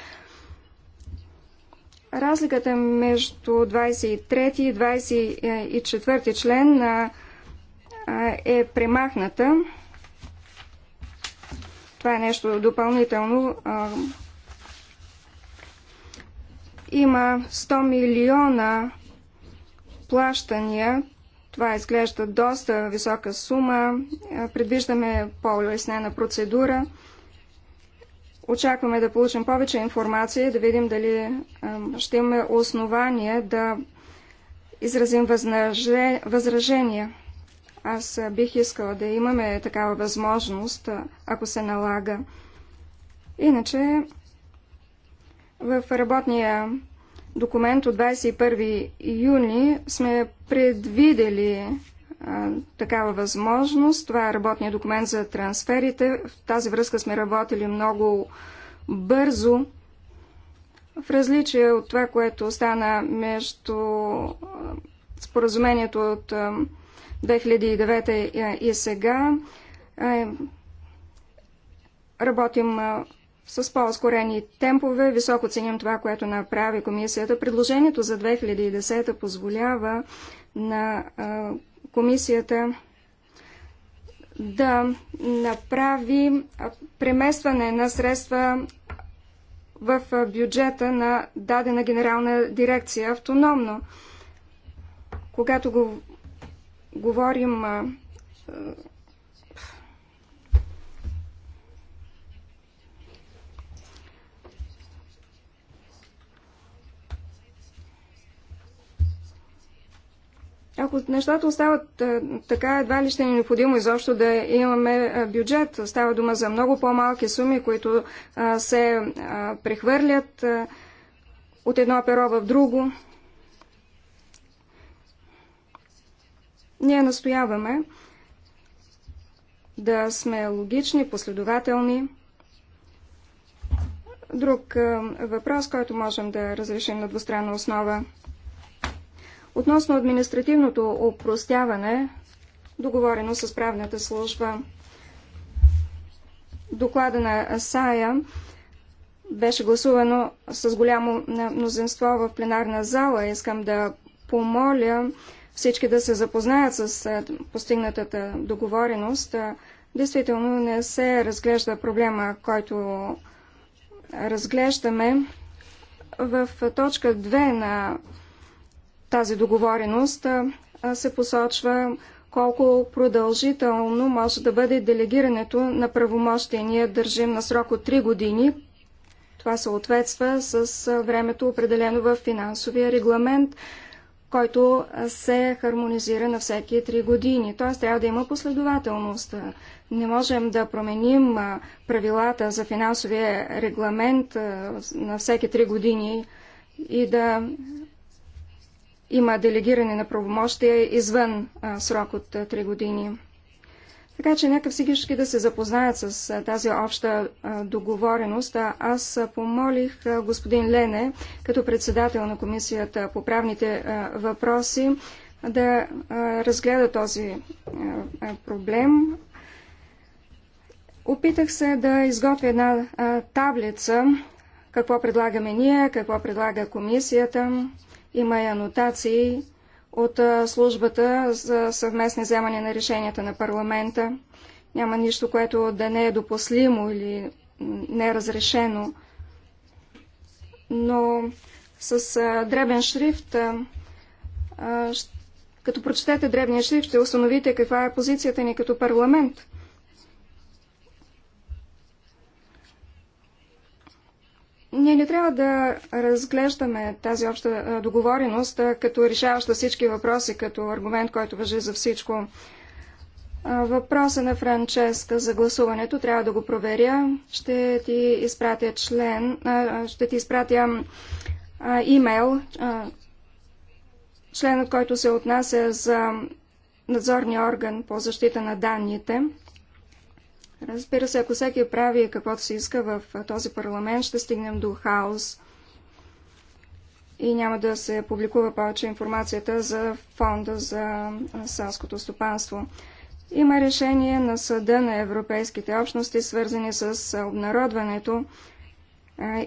Разликата е между 23 и 24 член е премахната. Това е нещо допълнително. Има 100 милиона плащания. Това изглежда доста висока сума. Предвиждаме по-леснена процедура. Очакваме да получим повече информация, и да видим дали ще имаме основание да изразим възражения. Аз бих искала да имаме такава възможност, ако се налага. Иначе в работния документ от 21 юни сме предвидели такава възможност. Това е работният документ за трансферите. В тази връзка сме работили много бързо. В различие от това, което стана между споразумението от 2009 и сега, работим с по оскорени темпове. Високо ценим това, което направи комисията. Предложението за 2010 позволява на комисията да направи преместване на средства в бюджета на дадена генерална дирекция автономно. Когато го, говорим Ако нещата остават е, така, едва ли ще е необходимо изобщо да имаме е, бюджет. Става дума за много по-малки суми, които е, се прехвърлят от едно перо в друго. Ние настояваме да сме логични, последователни. Друг въпрос, който можем да разрешим на двустранна основа – Относно административното упростяване, договорено с правната служба, доклада на САЯ беше гласувано с голямо мнозинство в пленарна зала. Искам да помоля всички да се запознаят с постигнатата договореност. Действително не се разглежда проблема, който разглеждаме. В точка 2 на тази договореност се посочва колко продължително може да бъде делегирането на правомощия. Ние държим на срок от 3 години. Това съответства с времето определено в финансовия регламент, който се хармонизира на всеки 3 години. Т.е. трябва да има последователност. Не можем да променим правилата за финансовия регламент на всеки 3 години и да има делегиране на правомощия извън а, срок от 3 години. Така че нека всички да се запознаят с а, тази обща а, договореност. Аз помолих господин Лене, като председател на Комисията по правните въпроси, да разгледа този проблем. Опитах се да изготвя една таблица, какво предлагаме ние, какво предлага комисията, има и анотации от службата за съвместни вземане на решенията на парламента. Няма нищо, което да не е допуслимо или не е разрешено. Но с дребен шрифт, като прочетете дребния шрифт, ще установите каква е позицията ни като парламент. Ние не трябва да разглеждаме тази обща договореност като решаваща всички въпроси, като аргумент, който въжи за всичко. Въпроса на Франческа за гласуването трябва да го проверя. Ще ти изпратя член, ще ти изпратя имейл, членът, който се отнася за надзорния орган по защита на данните. Разбира се, ако всеки прави каквото си иска в този парламент, ще стигнем до хаос и няма да се публикува повече информацията за фонда за селското стопанство. Има решение на Съда на европейските общности, свързани с обнародването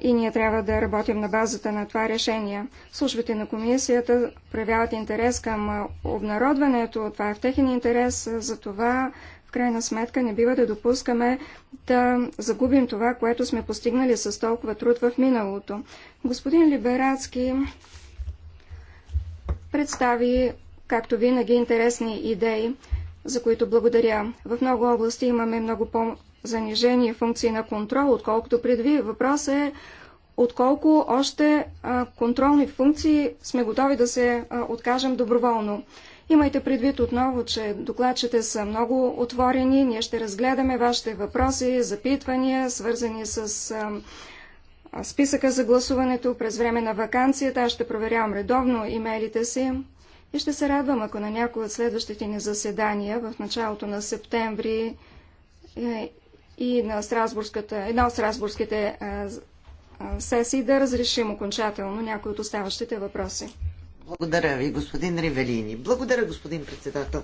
и ние трябва да работим на базата на това решение. Службите на комисията проявяват интерес към обнародването, това е в техен интерес, за това в крайна сметка не бива да допускаме да загубим това, което сме постигнали с толкова труд в миналото. Господин Либерацки представи, както винаги, интересни идеи, за които благодаря. В много области имаме много по-занижени функции на контрол, отколкото предви. Въпросът е отколко още контролни функции сме готови да се откажем доброволно. Имайте предвид отново, че докладчите са много отворени. Ние ще разгледаме вашите въпроси, запитвания, свързани с списъка за гласуването през време на вакансията. Аз ще проверявам редовно имейлите си и ще се радвам, ако на някои от следващите ни заседания в началото на септември е, и на една от страсбургските сесии да разрешим окончателно някои от оставащите въпроси. Благодаря ви, господин Ривелини. Благодаря, господин председател.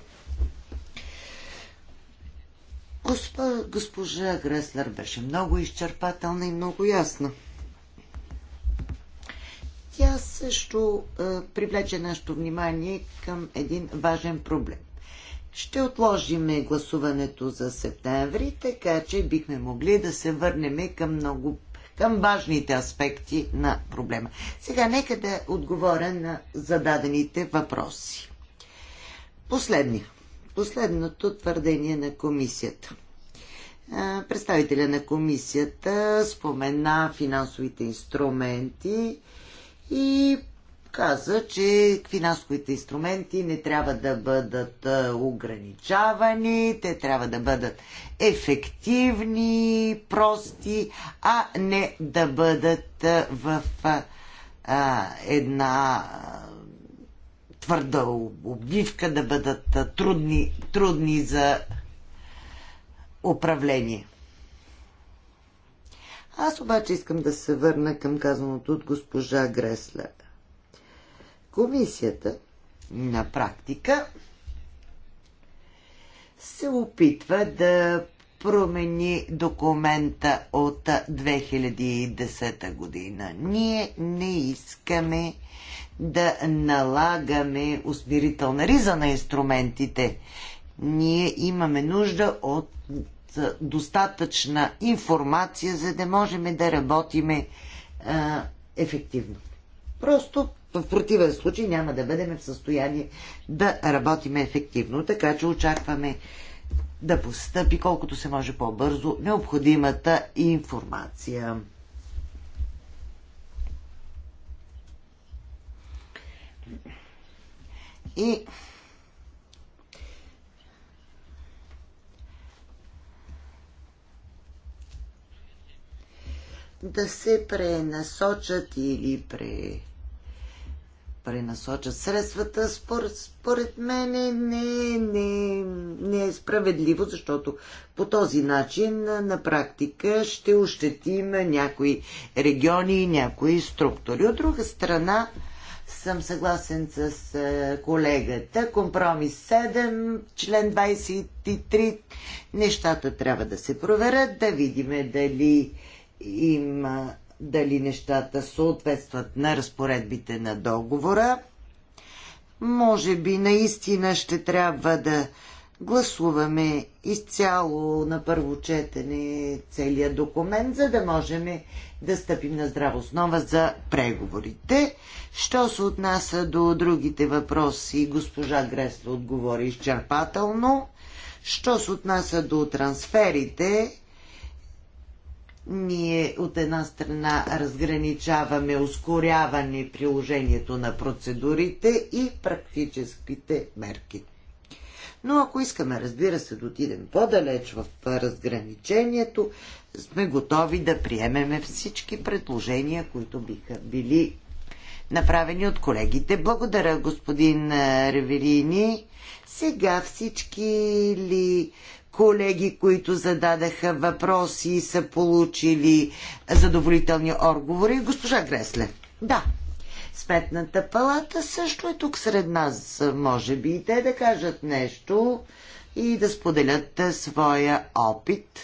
Госпо, госпожа Греслер беше много изчерпателна и много ясна. Тя също е, привлече нашето внимание към един важен проблем. Ще отложим гласуването за септември, така че бихме могли да се върнем към много към важните аспекти на проблема. Сега нека да отговоря на зададените въпроси. Последния. Последното твърдение на комисията. Представителя на комисията спомена финансовите инструменти и каза, че финансовите инструменти не трябва да бъдат ограничавани, те трябва да бъдат ефективни, прости, а не да бъдат в а, една твърда обвивка, да бъдат трудни, трудни за управление. Аз обаче искам да се върна към казаното от госпожа Греслер. Комисията на практика се опитва да промени документа от 2010 година. Ние не искаме да налагаме усмирителна риза на инструментите. Ние имаме нужда от достатъчна информация, за да можем да работиме ефективно. Просто в противен случай няма да бъдем в състояние да работим ефективно, така че очакваме да постъпи колкото се може по-бързо необходимата информация. И да се пренасочат или пре пренасочат средствата, според, според мен не, не, не е справедливо, защото по този начин на практика ще ощетим някои региони и някои структури. От друга страна, съм съгласен с е, колегата. Компромис 7, член 23. Нещата трябва да се проверят, да видим дали има дали нещата съответстват на разпоредбите на договора. Може би наистина ще трябва да гласуваме изцяло на първо четене целия документ, за да можем да стъпим на здрава основа за преговорите. Що се отнася до другите въпроси, госпожа Гресло отговори изчерпателно. Що се отнася до трансферите, ние от една страна разграничаваме ускоряване приложението на процедурите и практическите мерки. Но ако искаме, разбира се, да отидем по-далеч в разграничението, сме готови да приемеме всички предложения, които биха били направени от колегите. Благодаря, господин Ревелини. Сега всички ли колеги, които зададаха въпроси и са получили задоволителни отговори. Госпожа Гресле. Да. Сметната палата също е тук сред нас, може би и те да кажат нещо и да споделят своя опит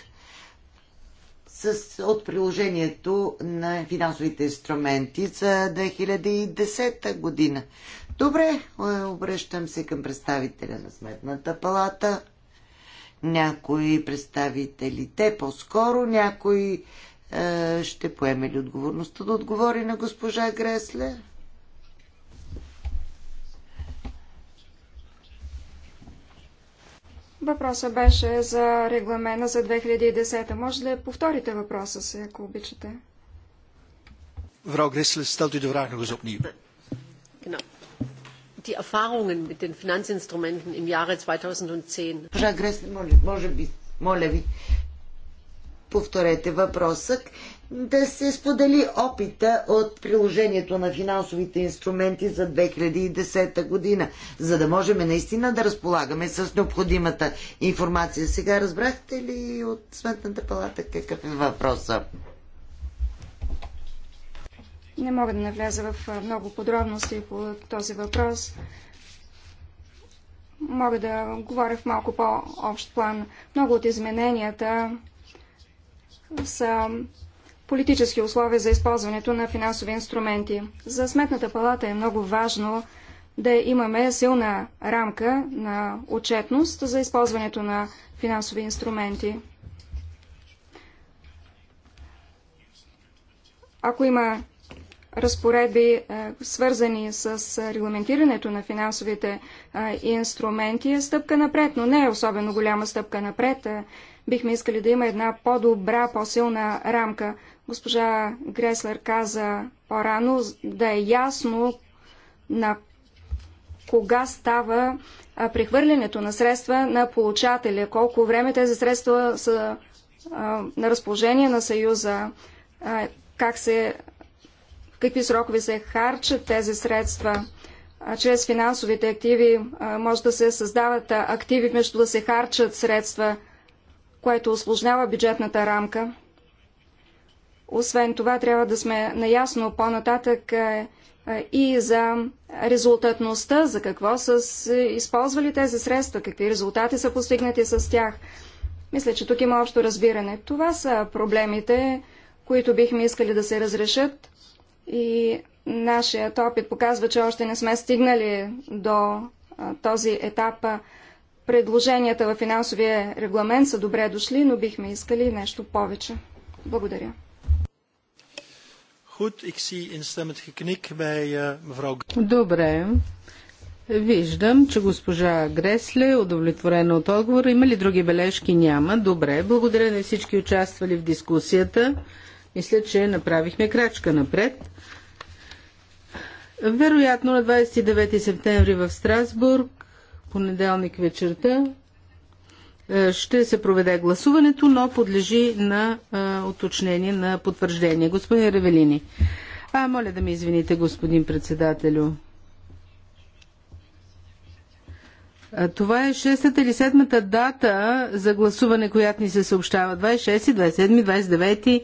с, от приложението на финансовите инструменти за 2010 година. Добре, обръщам се към представителя на Сметната палата някои представители, те по-скоро някои е, ще поеме ли отговорността да отговори на госпожа Гресле? Въпросът беше за регламена за 2010. Може ли да повторите въпроса си, ако обичате? Mevrouw Grissel, stelt u de vraag nog eens opnieuw die Erfahrungen mit den Finanzinstrumenten im Jahre 2010? може, би, моля ви, повторете въпроса да се сподели опита от приложението на финансовите инструменти за 2010 година, за да можем наистина да разполагаме с необходимата информация. Сега разбрахте ли от Сметната палата какъв е въпросът? Не мога да навляза в много подробности по този въпрос. Мога да говоря в малко по-общ план. Много от измененията са политически условия за използването на финансови инструменти. За Сметната палата е много важно да имаме силна рамка на отчетност за използването на финансови инструменти. Ако има разпоредби, е, свързани с е, регламентирането на финансовите е, инструменти, е стъпка напред, но не е особено голяма стъпка напред. Бихме искали да има една по-добра, по-силна рамка. Госпожа Греслер каза по-рано да е ясно на кога става прехвърлянето на средства на получателя, колко време тези средства са на разположение на Съюза, как се какви срокове се харчат тези средства. Чрез финансовите активи може да се създават активи, вместо да се харчат средства, което осложнява бюджетната рамка. Освен това, трябва да сме наясно по-нататък и за резултатността, за какво са използвали тези средства, какви резултати са постигнати с тях. Мисля, че тук има общо разбиране. Това са проблемите, които бихме искали да се разрешат. И нашият опит показва, че още не сме стигнали до този етап. Предложенията във финансовия регламент са добре дошли, но бихме искали нещо повече. Благодаря. Eh, добре. Виждам, че госпожа Гресле е удовлетворена от отговора. Има ли други бележки? Няма. Добре. Благодаря на всички участвали в дискусията. Мисля, че направихме крачка напред. Вероятно на 29 септември в Страсбург, понеделник вечерта, е, ще се проведе гласуването, но подлежи на а, е, уточнение на потвърждение. Господин Ревелини. А, моля да ми извините, господин председателю. А, това е шестата или седмата дата за гласуване, която ни се съобщава. 26, 27, 29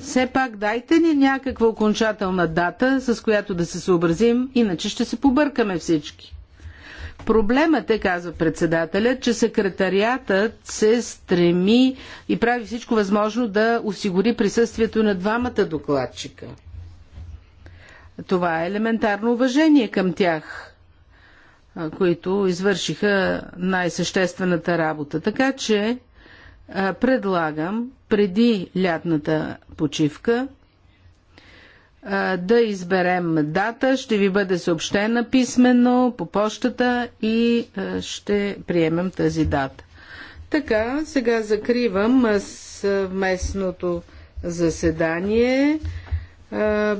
все пак дайте ни някаква окончателна дата, с която да се съобразим, иначе ще се побъркаме всички. Проблемът е, казва председателят, че секретариатът се стреми и прави всичко възможно да осигури присъствието на двамата докладчика. Това е елементарно уважение към тях, които извършиха най-съществената работа. Така че предлагам преди лятната почивка да изберем дата, ще ви бъде съобщена писменно по почтата и ще приемем тази дата. Така, сега закривам местното заседание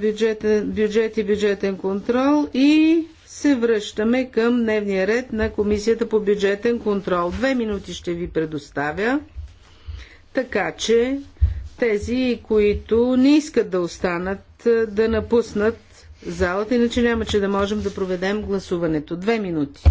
бюджет, бюджет и бюджетен контрол и се връщаме към дневния ред на Комисията по бюджетен контрол. Две минути ще ви предоставя така че тези, които не искат да останат, е, да напуснат залата, иначе няма че да можем да проведем гласуването. Две минути.